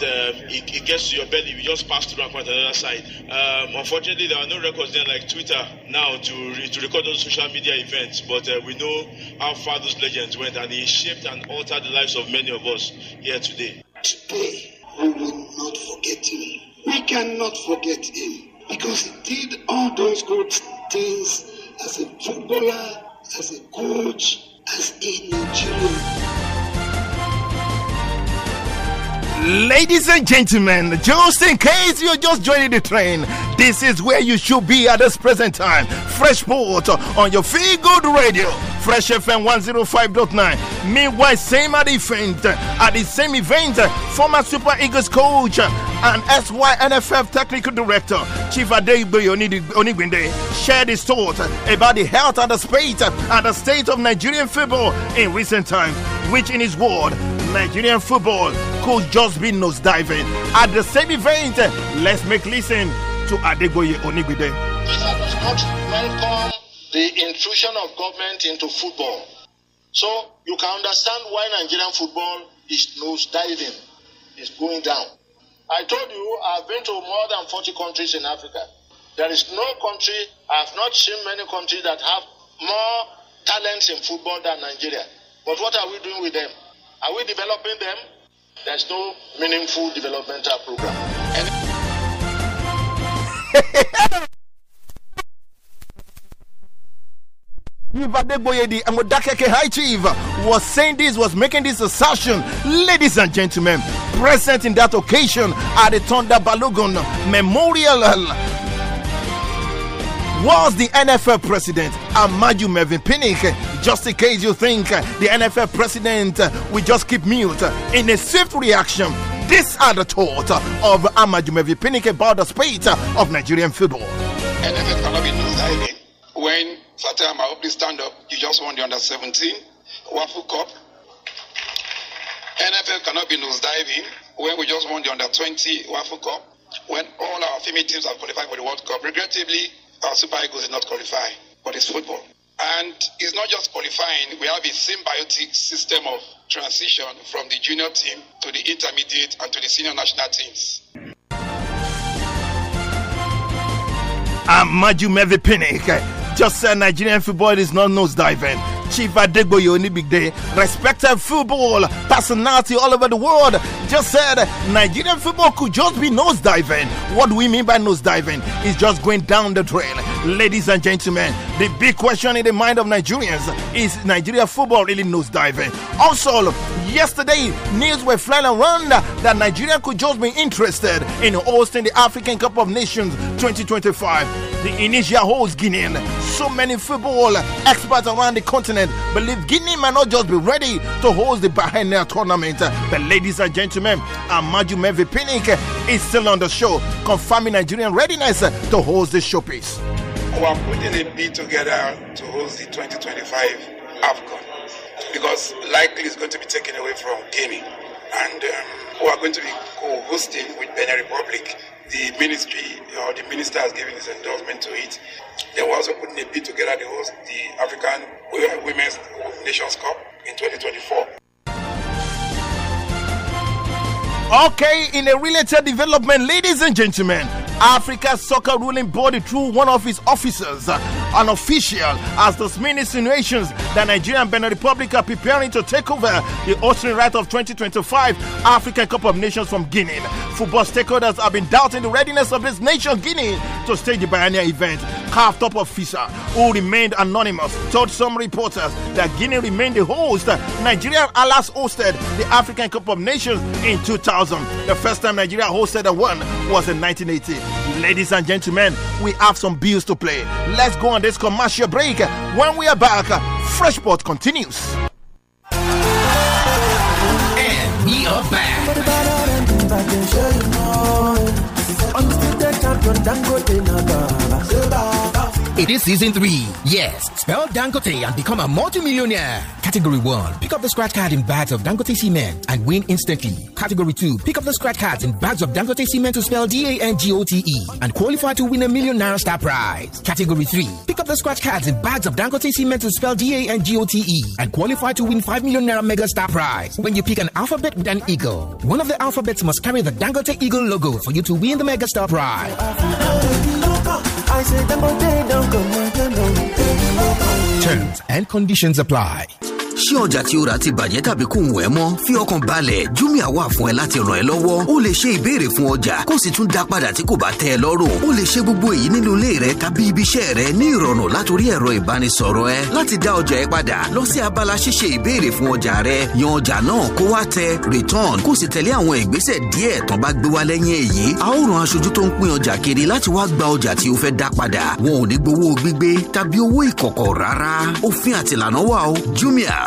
S16: it, um, gets to your belly, you just pass through and come to the other side. Um, unfortunately, there are no records then like Twitter now to, re- to record those social media events, but uh, we know how far those legends went and he shaped and altered the lives of many of us here today.
S17: Today, we will not forget me. We cannot forget him because he did all those good things as a footballer, as a coach, as a Nigerian.
S14: Ladies and gentlemen, just in case you're just joining the train, this is where you should be at this present time. Fresh water on your feel good radio. Fresh FM 105.9. Meanwhile, same at the event, at the same event, former Super Eagles coach and SYNFF Technical Director, Chief Adebayo Onigwinde, shared his thoughts about the health and the state and the state of Nigerian football in recent times, which in his word, Nigerian football could just be nosediving. At the same event, let's make listen to Adebayo Onigwide. welcome the intrusion of government into football. So you can understand why Nigerian football is nosediving, is going down. I told you I've been to more than 40 countries in Africa. There is no country, I've not seen many countries that have more talents in football than Nigeria. But what are we doing with them? Are we developing them? There's no meaningful developmental program. And- Amodakeke Chief, was saying this, was making this assertion. Ladies and gentlemen, present in that occasion at the Thunder Balogun Memorial was the NFL president, Amaju Mervin Pinnick. Just in case you think the NFL president will just keep mute, in a swift reaction, these are the thoughts of Amaju Mervin Pinnick about the state of Nigerian football.
S13: NFL cannot be when Fatima, I hope you stand up. You just won the under 17 Waffle Cup. NFL cannot be nosediving when we just won the under 20 Waffle Cup when all our female teams have qualified for the World Cup. Regrettably, our Super Eagles did not qualify, but it's football. And it's not just qualifying, we have a symbiotic system of transition from the junior team to the intermediate and to the senior national teams.
S14: I'm Maju Mevi just said Nigerian football is not nose diving. Chief big Onibigde, respected football personality all over the world, just said Nigerian football could just be nose diving. What do we mean by nose diving? It's just going down the drain, Ladies and gentlemen, the big question in the mind of Nigerians is Nigeria football really knows diving. Also, yesterday news were flying around that Nigeria could just be interested in hosting the African Cup of Nations 2025. The initial host Guinea. So many football experts around the continent believe Guinea might not just be ready to host the Bahrain tournament. But ladies and gentlemen, Amaju Mevipinic is still on the show, confirming Nigerian readiness to host the showpiece
S13: we are putting a bid together to host the 2025 AFCON because likely it's going to be taken away from gaming. And um, we are going to be co hosting with Benin Republic. The ministry or the minister has given his endorsement to it. Then we're also putting a bid together to host the African Women's Nations Cup in 2024.
S14: Okay, in a related development, ladies and gentlemen, Africa Soccer Ruling Body, through one of its officers, an official, has dismissed insinuations that Nigeria and Benin Republic are preparing to take over the Austrian right of 2025 African Cup of Nations from Guinea. Football stakeholders have been doubting the readiness of this nation, Guinea, to stage the biennial event. Half top officer, who remained anonymous, told some reporters that Guinea remained the host. Nigeria alas hosted the African Cup of Nations in 2000. 2000. The first time Nigeria hosted a one was in 1980. Ladies and gentlemen, we have some bills to play. Let's go on this commercial break. When we are back, Freshport continues. And
S8: we are back. It is season three. Yes, spell Dangote and become a multimillionaire. Category one, pick up the scratch card in bags of Dangote cement and win instantly. Category two, pick up the scratch cards in bags of Dangote cement to spell D A N G O T E and qualify to win a million naira star prize. Category three, pick up the scratch cards in bags of Dangote cement to spell D A N G O T E and qualify to win five million naira mega star prize. When you pick an alphabet with an eagle, one of the alphabets must carry the Dangote eagle logo for you to win the mega star prize and conditions apply.
S17: ṣé ọjà tí o rà ti bàjẹ́ tàbí kò wọ̀ mọ́ fi ọkàn balẹ̀ jumia wà fún ẹ láti ràn ẹ́ lọ́wọ́ o lè ṣe ìbéèrè fún ọjà kó sì tún dá padà tí kò bá tẹ́ ẹ lọ́rùn o lè ṣe gbogbo èyí nínú ilé rẹ tàbí ibi iṣẹ́ rẹ ní ìrọ̀rùn látòrí ẹ̀rọ ìbánisọ̀rọ̀ ẹ láti dá ọjà ẹ padà lọ sí abala ṣíṣe ìbéèrè fún ọjà rẹ yan ọjà náà kó wá tẹ return kó sì tẹ̀lé àwọn ìgbésẹ̀ díẹ̀ tán bá gbé a ó rán kiri láti wá gba ọjà tí o fẹ́ dá padà wọn ò ní gbowó gbígbé tàbí owó ìkọ̀kọ̀ jumia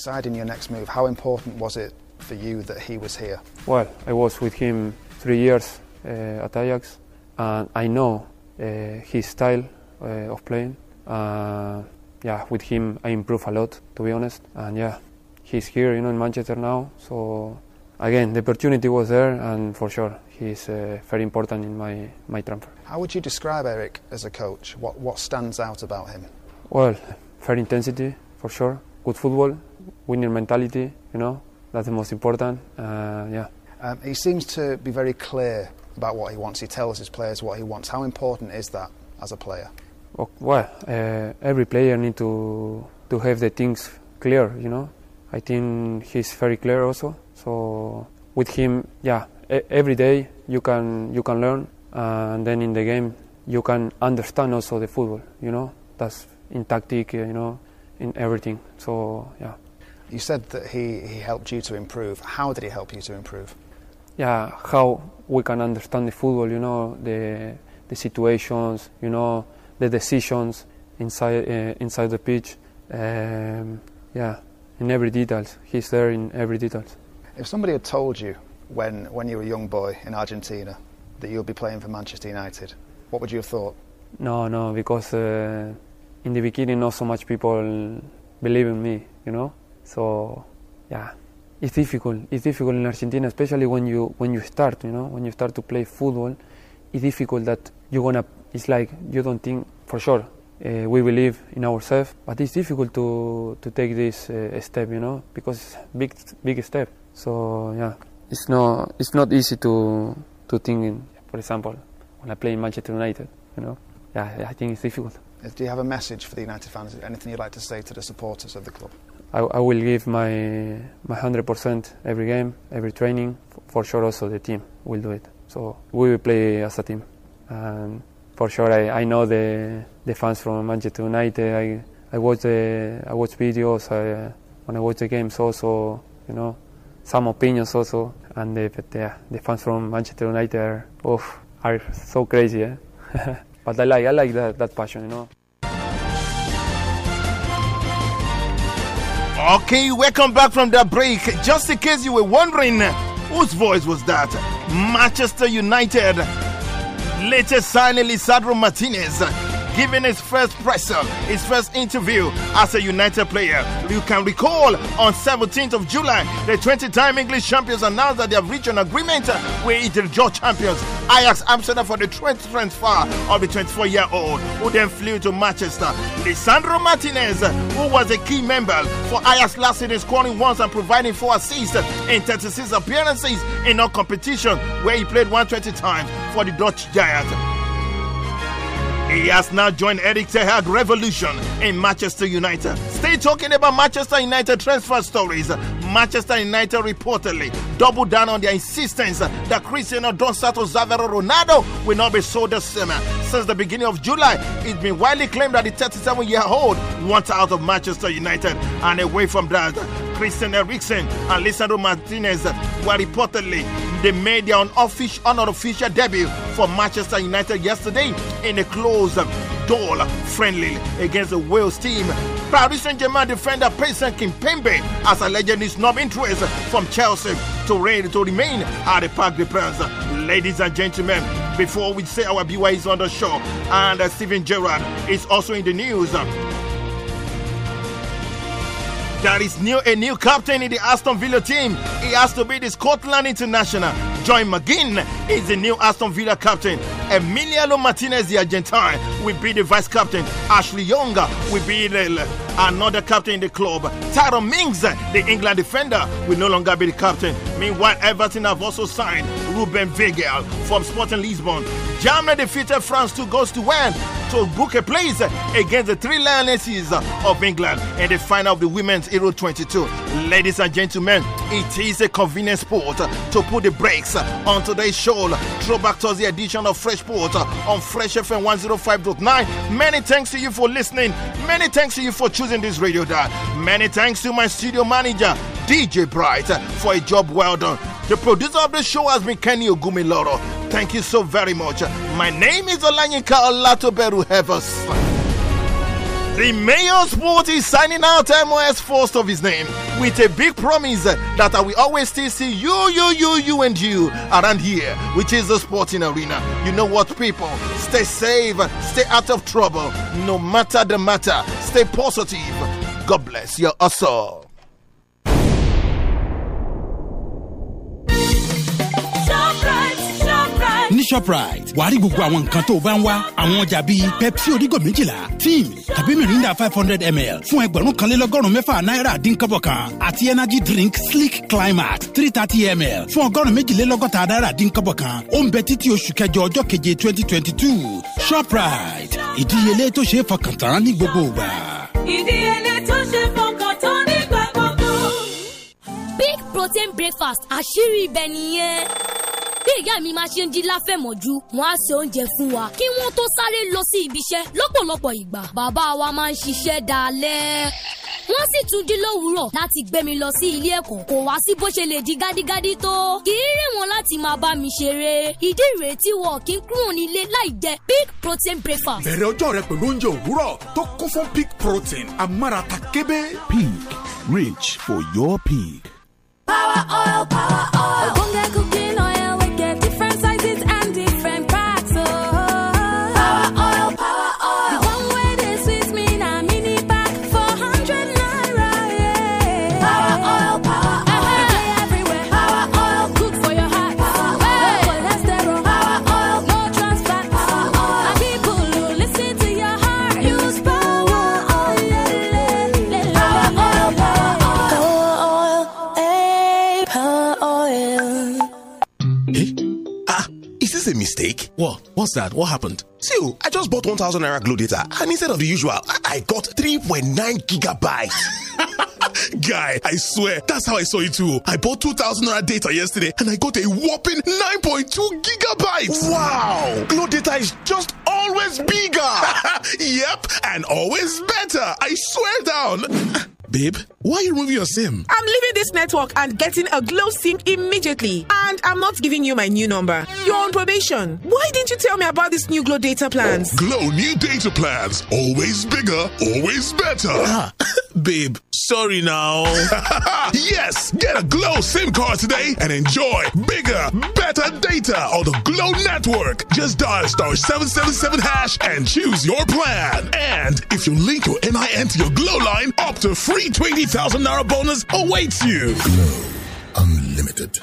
S18: deciding your next move, how important was it for you that he was here?
S19: Well, I was with him three years uh, at Ajax, and I know uh, his style uh, of playing. Uh, yeah, with him I improve a lot, to be honest. And yeah, he's here, you know, in Manchester now. So again, the opportunity was there, and for sure, he's uh, very important in my my transfer.
S18: How would you describe Eric as a coach? What what stands out about him?
S19: Well, fair intensity for sure, good football, winning mentality, you know, that's the most important. Uh, yeah.
S18: Um, he seems to be very clear about what he wants. He tells his players what he wants. How important is that as a player?
S19: Well, uh, every player need to to have the things clear, you know. I think he's very clear also. So with him, yeah, every day you can you can learn, and then in the game you can understand also the football, you know. That's in tactic, you know, in everything. So
S18: yeah. You said that he, he helped you to improve. How did he help you to improve?
S19: Yeah, how we can understand the football, you know, the, the situations, you know, the decisions inside, uh, inside the pitch. Um, yeah, in every detail. He's there in every detail.
S18: If somebody had told you when, when you were a young boy in Argentina that you would be playing for Manchester United, what would you have thought?
S19: No, no, because uh, in the beginning not so much people believe in me, you know. So yeah, it's difficult. It's difficult in Argentina, especially when you when you start. You know, when you start to play football, it's difficult that you're gonna. It's like you don't think for sure. Uh, we believe in ourselves, but it's difficult to to take this uh, step. You know, because big big step. So yeah, it's not it's not easy to to think. In, for example, when I play in Manchester United, you know, yeah, I think it's difficult.
S18: Do you have a message for the United fans? Anything you'd like to say to the supporters of the club?
S19: I, I will give my my hundred percent every game, every training. For sure, also the team will do it. So we will play as a team, and for sure I, I know the the fans from Manchester United. I I watch the I watch videos I, when I watch the games also. You know, some opinions also, and the the, the fans from Manchester United are, are so crazy. Eh? but I like I like that that passion. You know.
S14: Okay, welcome back from the break. Just in case you were wondering, whose voice was that? Manchester United. Latest signing Lisandro Martinez giving his first presser, his first interview as a United player. You can recall on 17th of July, the 20-time English champions announced that they have reached an agreement with the Dutch champions Ajax Amsterdam for the transfer of the 24-year-old, who then flew to Manchester. Lisandro Martinez, who was a key member for Ajax last season, scoring once and providing four assists in 36 appearances in all competition, where he played 120 times for the Dutch Giants. He has now joined Eric Tehag Revolution in Manchester United. Stay talking about Manchester United transfer stories Manchester United reportedly doubled down on their insistence that Cristiano Don Zavero Ronaldo will not be sold this summer. Since the beginning of July, it's been widely claimed that the 37 year old wants out of Manchester United and away from that. Christian Eriksen and Lissandro Martinez were reportedly they made their unofficial, unofficial debut for Manchester United yesterday in a close all friendly against the Wales team. Paris Saint-Germain defender Payson Kimpembe has legend is not interest from Chelsea to, reign, to remain at the Park de Princes. Ladies and gentlemen, before we say our BY is on the show, and uh, Steven Gerrard is also in the news. There is new a new captain in the Aston Villa team. He has to be the Scotland international. Joy McGinn is the new Aston Villa captain. Emiliano Martinez, the Argentine, will be the vice captain. Ashley Younger will be the, another captain in the club. Tyron Mings, the England defender, will no longer be the captain. Meanwhile, Everton have also signed Ruben Vegel from Sporting Lisbon. Germany defeated France two goals to one to book a place against the three Lionesses of England in the final of the women's 22. Ladies and gentlemen, it is a convenient sport to put the brakes on today's show. Throwback the edition of Fresh Port on Fresh FM 105.9. Many thanks to you for listening. Many thanks to you for choosing this radio dad. Many thanks to my studio manager, DJ Bright, for a job well done. The producer of the show has been Kenny Ogumiloro. Thank you so very much. My name is Olanyika Olatoberu the mayor's sport is signing out MOS first of his name with a big promise that I will always still see you, you, you, you, and you around here, which is the sporting arena. You know what, people? Stay safe, stay out of trouble, no matter the matter. Stay positive. God bless your
S8: hustle. shoprite wàá rí gbogbo àwọn nǹkan tó o bá ń wá àwọn ọjà bíi pepsi onígò méjìlá tíìmù tàbí mirinda five hundred ml fún ẹgbẹ̀rún kan lé lọ́gọ́rùn-ún mẹ́fà náírà dín kan àti energy drink slick climax three thirty ml fún ọgọ́rùn-ún méjìlélọ́gọ́ta náírà dín kọ́bọ̀ kan ó ń bẹ títí oṣù kẹjọ ọjọ́ keje twenty twenty two shoprite ìdíyelé tó ṣe é fọkàn tán ní gbogbo ìgbà.
S20: ìdíyelé tó ṣe fọkàn tán nígbà gbogbo. big protein breakfast àṣírí ibẹ̀ nìyẹn ìyá mi máa ṣe ń jí láfẹ̀mọ́jú wọ́n á se oúnjẹ fún wa kí wọ́n tó sáré lọ sí ibi lọ́pọ̀lọpọ̀ ìgbà bàbá wa máa ń ṣiṣẹ́ dalẹ́ wọ́n sì tún dín lówùúrọ̀ láti gbé mi lọ sí ilé ẹ̀kọ́ kò wá sí bó ṣe lè di gádígádí tó kì í rìn wọn láti máa bá mi ṣeré ìdí ìrètí wọn kì í kúrò nílé láì jẹ big protein breakfast.
S6: bẹ̀rẹ̀ ọjọ́ rẹ pẹ̀lú oúnjẹ òwúrọ̀ tó kún fún big protein amárata kébé. pink rich for your pig.
S11: power oil power oil.
S6: What? What's that? What happened? See, oh, I just bought 1000 Naira Glow data, and instead of the usual, I got 3.9 gigabytes. Guy, I swear, that's how I saw it too. I bought 2000 Naira data yesterday, and I got a whopping 9.2 gigabytes. Wow! Glow data is just always bigger. yep, and always better. I swear down. Babe, why are you removing your SIM? I'm leaving this network and getting a Glow SIM immediately. And I'm not giving you my new number. You're on probation. Why didn't you tell me about this new Glow data plans? Glow new data plans. Always bigger, always better. Ah. Babe, sorry now. yes, get a Glow SIM card today and enjoy bigger, better data on the Glow network. Just dial star 777 hash and choose your plan. And if you link your NIN to your Glow line, up to free 20,000 Naira bonus awaits you. Glow Unlimited.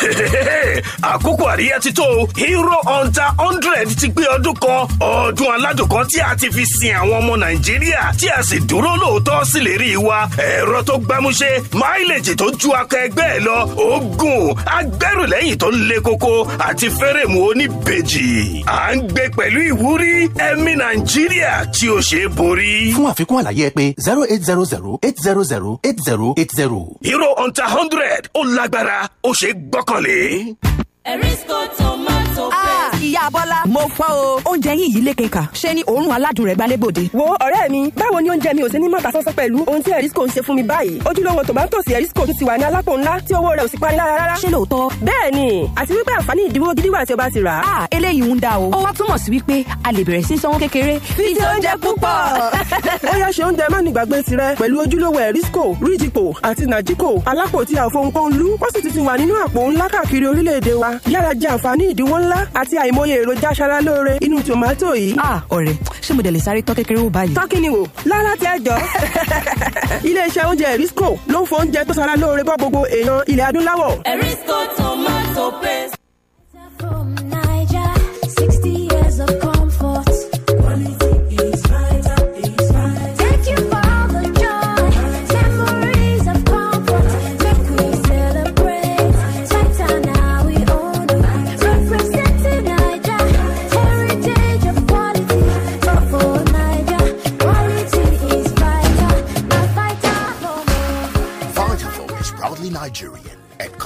S21: àkókò àríyá ti tó hero hunter hundred ti gbé ọdún kan ọdún aládùn kan tí a ti fi sin àwọn ọmọ nàìjíríà tí a sì dúró lóòótọ́ sílérí wa ẹ̀rọ tó gbámúṣé máìlèjì tó ju akọ ẹgbẹ́ ẹ lọ oògùn agbẹ́rùlẹ́yìn tó ń le koko àti fẹ́rẹ̀mù oníbejì à ń gbé pẹ̀lú ìwúrí ẹ̀mí nàìjíríà tí ó ṣe é
S8: borí. fún àfikún àlàyé ẹ pé zero eight zero zero eight zero zero eight zero eight zero.
S21: hero hunter hundred ó lágbára ó ṣe é gbọ́k broccoli.
S11: Erisco tomato. Ah. ìyá Bọ́lá
S8: mo fọ́ o. Oúnjẹ yín yìí lékè kà. Ṣé ni òórùn aládùn rẹ̀ gbalẹ́bòde? Wo ọ̀rẹ́ mi, báwo ni oúnjẹ mi ò sí ní màtà sọ́sọ́ pẹ̀lú ohun tí Erisco ń ṣe fún mi báyìí? Ojúlówó tomatoes Erisco ti wà ní alápò ńlá tí owó rẹ̀ ò sì pani lára rárá. Ṣé lóòótọ́? Bẹ́ẹ̀ ni, àti wípé àǹfààní
S20: ìdíwó gidi wà tí o bá ti rà À ah, eléyìí ń da o. Ó wá túmọ̀ sí wípé a lè bẹ̀rẹ̀ sí sanwó kékeré. Fi ti
S10: oúnjẹ púpọ̀.
S8: Ó yá ṣe oúnjẹ má ní gbàgbé tirẹ̀ pẹ̀lú ojúlówó Erisco, Ríjìpò àti Nàjíkò alápò tí a ò fohùn kó ń lú. Ó sì ti ti wà nínú àpò ńlá káàkiri orílẹ̀-èdè wa. Yára jẹ àǹfààní ìdíwó ńlá àti àìmọ àìmọye èròjà aṣara lóore inú tòmátò yìí. a ah, ọ̀rẹ́ ṣé mo dẹ̀ lè sáré tọ́ kékeré wò báyìí. tọ́kì ni wò lára tí ẹ jọ. iléeṣẹ́ oúnjẹ Erisco ló ń fọ oúnjẹ tó ṣara lóore bọ́ gbogbo èèyàn ilẹ̀ adúláwọ̀.
S10: Erisco tomato paste.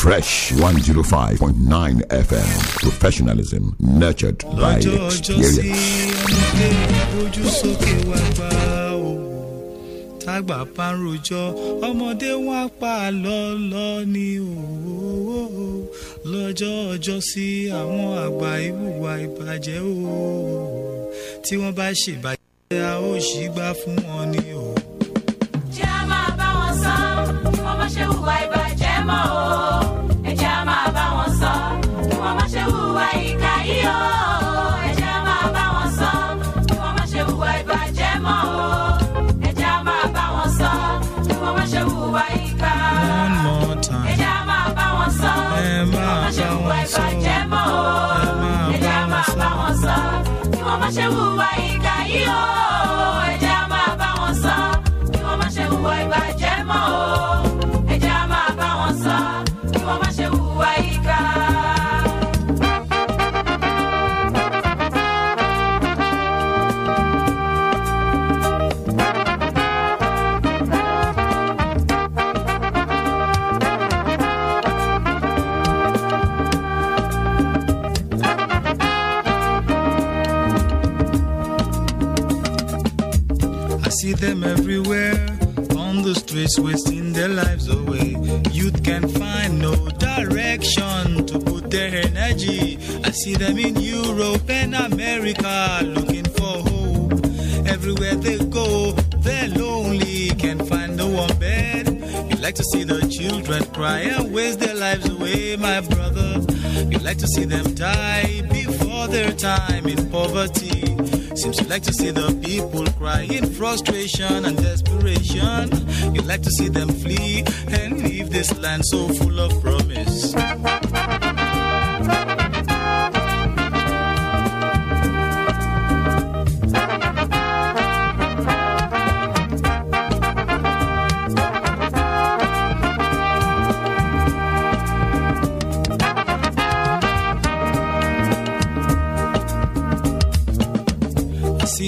S1: Fresh one zero oh five point nine FM. Professionalism nurtured by experience.
S15: tágbà bá ọmọdé wọn pa lọ́lọ́ ní òwò lọ́jọ́ ọjọ́ sí àwọn àgbà ìwùwà ìbàjẹ́ òwò tí wọ́n bá ṣèbàjẹ́ a ó ṣì gbà fún wọn ní òwò.
S11: jẹ́ a máa bá wọn sọ ọmọ ṣe hùwà ìbàjẹ́ mọ́ o.
S15: them everywhere. On the streets, wasting their lives away. Youth can find no direction to put their energy. I see them in Europe and America looking for hope. Everywhere they go, they're lonely, can't find no one bed. You like to see the children cry and waste their lives away, my brother. You like to see them die before their time in poverty. Seems you like to see the people cry in frustration and desperation. you like to see them flee and leave this land so full of problems.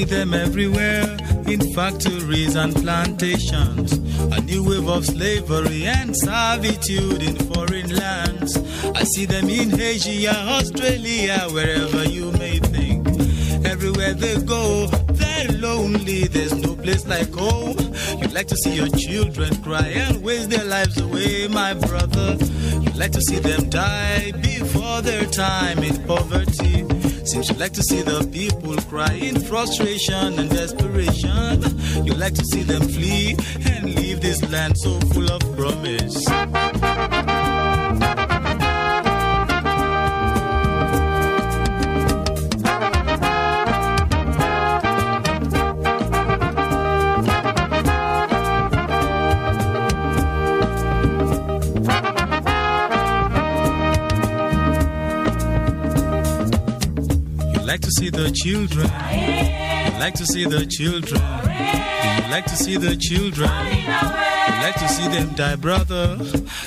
S15: them everywhere, in factories and plantations. A new wave of slavery and servitude in foreign lands. I see them in Asia, Australia, wherever you may think. Everywhere they go, they're lonely, there's no place like home. You like to see your children cry and waste their lives away, my brother. You like to see them die before their time in poverty. Seems you like to see the people cry in frustration and desperation. You like to see them flee and leave this land so full of promise. see the children? You like to see the children? Do you like to see the children? You like to see them die, brother?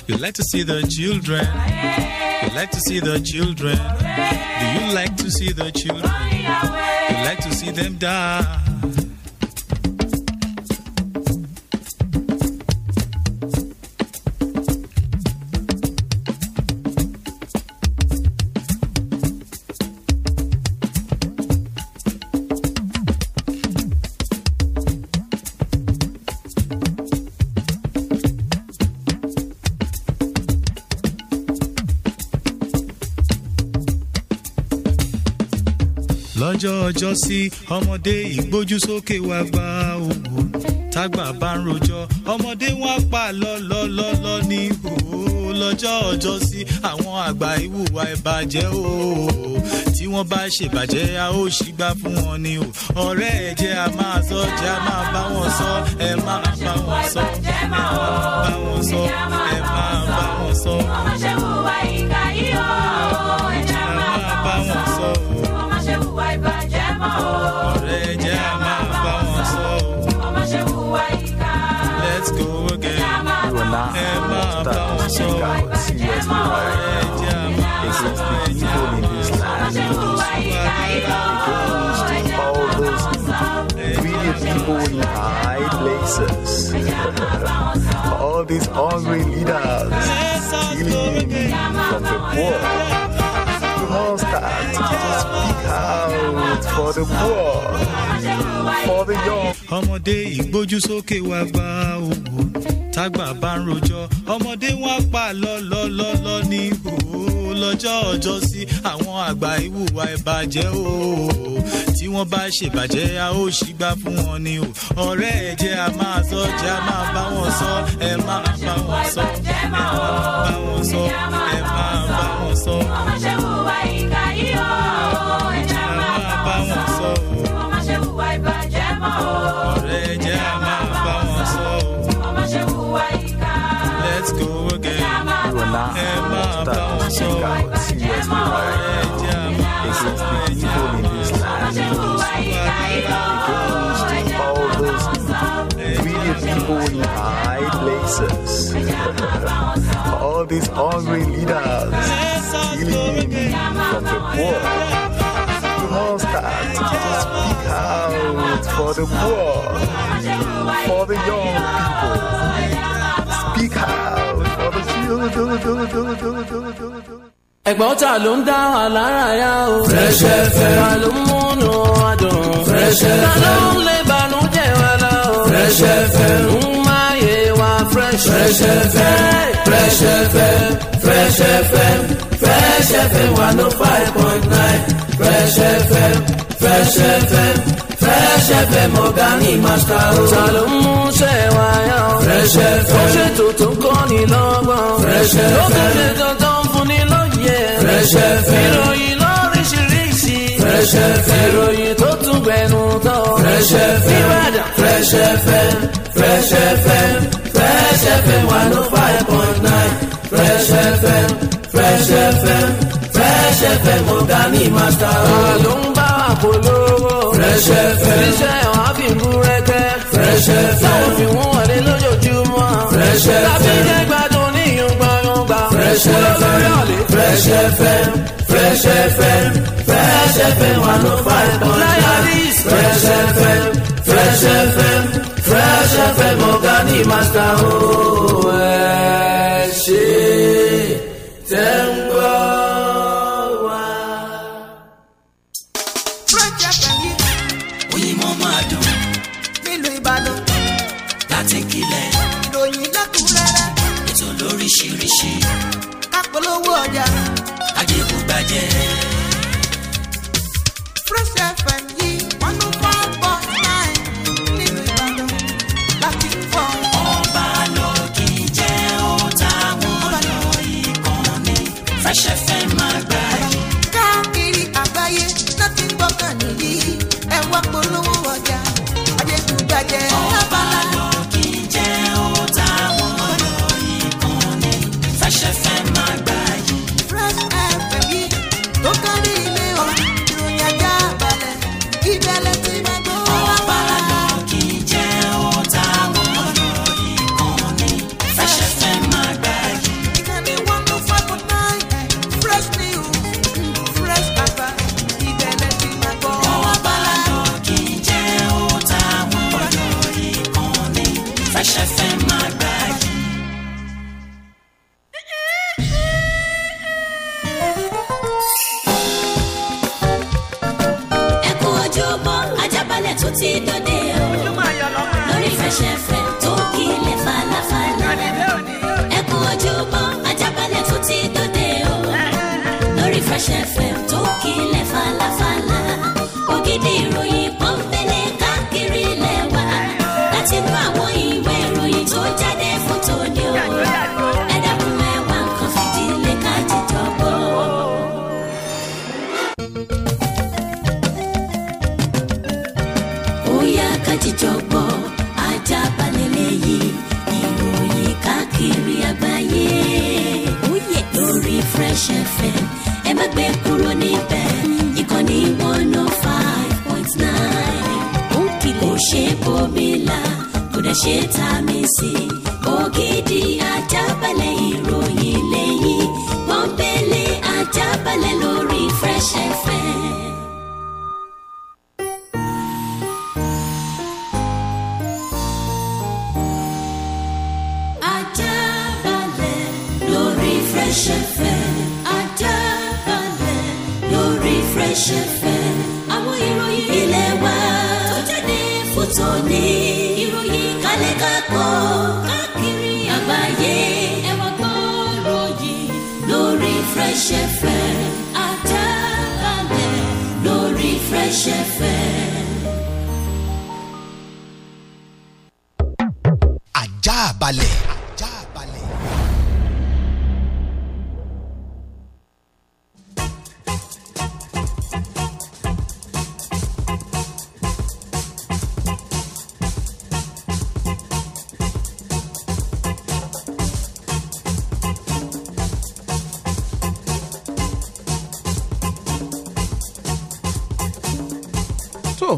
S15: You like to see the children?
S5: You
S15: like to see the children? Do you like to see the children? You like to see them die? lọ́jọ́ ọjọ́ sí ọmọdé ìgbójúsókè wa gba òwò tágbà bá ń rojọ́ ọmọdé wọn pa lọ́lọ́lọ́lọ́ ní òwò lọ́jọ́ ọjọ́ sí àwọn àgbà ìwùwà ìbàjẹ́ o tí wọ́n bá ṣèbàjẹ́ a ó ṣìgbà fún wọn ni o ọ̀rẹ́ ẹ jẹ́ a máa sọ jẹ́ a máa bá wọn sọ ẹ máa bá wọn sọ ẹ máa bá wọn sọ ẹ máa bá wọn sọ. ọmọ ṣe wùwà ìgbà yìí o. Let's go again. You are in this all those people in high places. all these hungry leaders stealing from the poor. speak out for the poor, for the young. ọmọdé ìgbójú sókè wá gbá òwò tágbà bá ń rojọ́ ọmọdé wọn pa lọ́lọ́lọ́lọ́ ní ìhòòhò lọ́jọ́ ọjọ́ sí àwọn àgbà ìwùwà ìbàjẹ́ o tí wọ́n bá ṣèbàjẹ́ a ó ṣìgbà fún wọn ni o ọ̀rẹ́ ẹ̀ jẹ́ a máa sọ jẹ́ a máa bá wọn sọ ẹ máa bá wọn sọ ẹ máa bá wọn sọ ẹ máa bá wọn sọ. let's go again People in high places, all these hungry leaders stealing from the poor, monsters, for the poor,
S10: for the young people. Speak out for the children. Ẹ̀gbọ́n ta ló ń dá wa lára yá o. Fresh FM. Ta ló ń múnú wa dùn. Fresh FM. Ta ló ń lé ìbànújẹ́ wa lọ. Fresh FM. Ń máa yé wa Fresh FM. Fresh FM. Fresh FM. Fresh FM. Fresh FM one oh five point nine. Fresh FM. Fresh FM. Fresh FM ọ̀gání màsítà o. ta ló ń múṣẹ́ wáyà o. Fresh FM. ó ṣètò tó ń kọ́ni lọ́gbọ̀n. Fresh FM. lókè lè dandan fún ni lóye. Fresh FM. ìròyìn lóríṣiríṣi. Fresh FM. ìròyìn tó tún gbẹnu tán. Fresh FM. Ìbàdàn. Fresh FM. Fresh FM. Fresh FM one oh five point nine. Fresh FM. Fresh FM. Fresh FM ọ̀gání màsítà o. ta ló ń bá àpò lówó. Fresh FM. iléeṣẹ́ àfi ń búrẹ́kẹ́. Fresh FM. táwọn fi wọ́n wọlé lójoojúmọ́. Fresh FM. láti jẹ́ gbádùn ní ìyọ̀ngbọ̀nyọ̀ngbà. Fresh FM. olórí ọ̀lẹ́. Fresh FM. Fresh FM. Fresh FM wà ló fà ẹ̀kọ́ náà. Fresh FM. Fresh FM. Fresh FM ọ̀gá ní màsà ó ẹ̀ ṣe tẹ́ ń gbọ́.
S2: Yeah.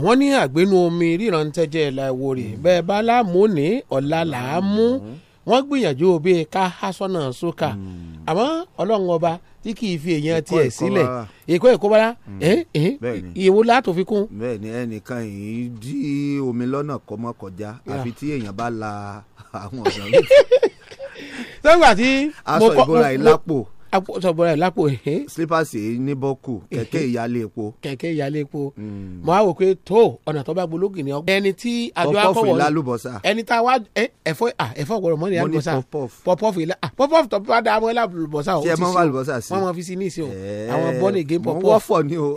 S22: àwọn ní àgbénu omi ríran tẹ́jẹ́ ìlà ìwò rè bẹ́ẹ̀ bá láàmú ní ọ̀la làámú mm-hmm. wọ́n gbìyànjú bí ká há sọ́nà sókà mm.
S17: àmọ́ ọlọ́run ọba tí kì í fi èèyàn tiẹ̀ sílẹ̀ èkó èkó bá ìwò látò fi kún. bẹ́ẹ̀ni ẹnìkan yìí dí omi lọ́nà kọmọ kọjá àfi tí èèyàn bá la àwọn ọ̀nà sọ́gbà tí aṣọ ìbora ìlápò
S22: sọ̀bọ̀ rẹ̀ lápò ẹ̀. slippers yìí ní bọ́kù kẹ̀kẹ́ ìyálé epo. kẹ̀kẹ́ ìyálé epo hmm. mo á wò pé tó ọ̀nà tó bá gbólógì ni ọgbọ́n. ẹni tí àjọ akọ̀wọ̀ ẹni tá a wá ẹ̀fọ́ ẹ̀fọ́ gbọ́dọ̀ mọ́ ni àlùbọ́sà pọ̀pọ̀fù ilá pọ̀pọ̀fù tó ní ìsìn o àwọn bọ́ọ̀nì gé pọ̀pọ̀. mo ni o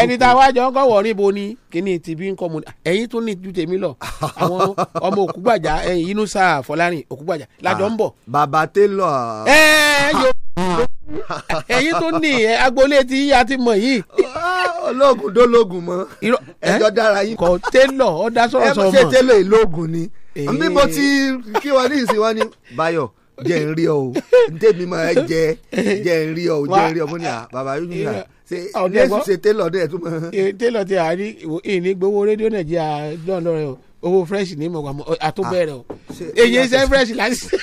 S22: ẹni tá a wá jọ ń kọ́ wọ̀ níbo ni kíní ti bí ń kọ́ mu ẹ̀yin tún ní ju tèmi lọ àwọn ọmọ òkúgbàjà ẹ̀yin inú sáà Fọlárin òkúgbàjà lájọ ń bọ̀. Ah, bàbá télọ̀. ẹ ẹ̀yin tó ní agboolé tí a ti mọ̀ yìí.
S17: Ah, ológun dólógun mọ ẹjọ dára yín. kò télọ̀ ọ̀dà sọ̀rọ̀ sọ̀rọ̀ mọ̀. ẹ ṣe télọ̀ ìlógun ni bí mo ti kí wọn ní ìsìn wọn ni Báyọ̀ jẹ́ ń rí ọ o ntẹ́mi máa jẹ jẹ́ ń rí ọ o jẹ́ ń rí ọ mo ní à bàbá yóò ní à ṣe yéésù ṣe
S22: télọ̀ dẹ̀ tó mọ̀. télọ̀ ti à ní ìní gbowó rédíò nàìjíríà lọ́nà rẹ o owó fresh ní mọ̀ àtúbẹ̀rẹ̀ o èyí ṣe fresh láti ṣe.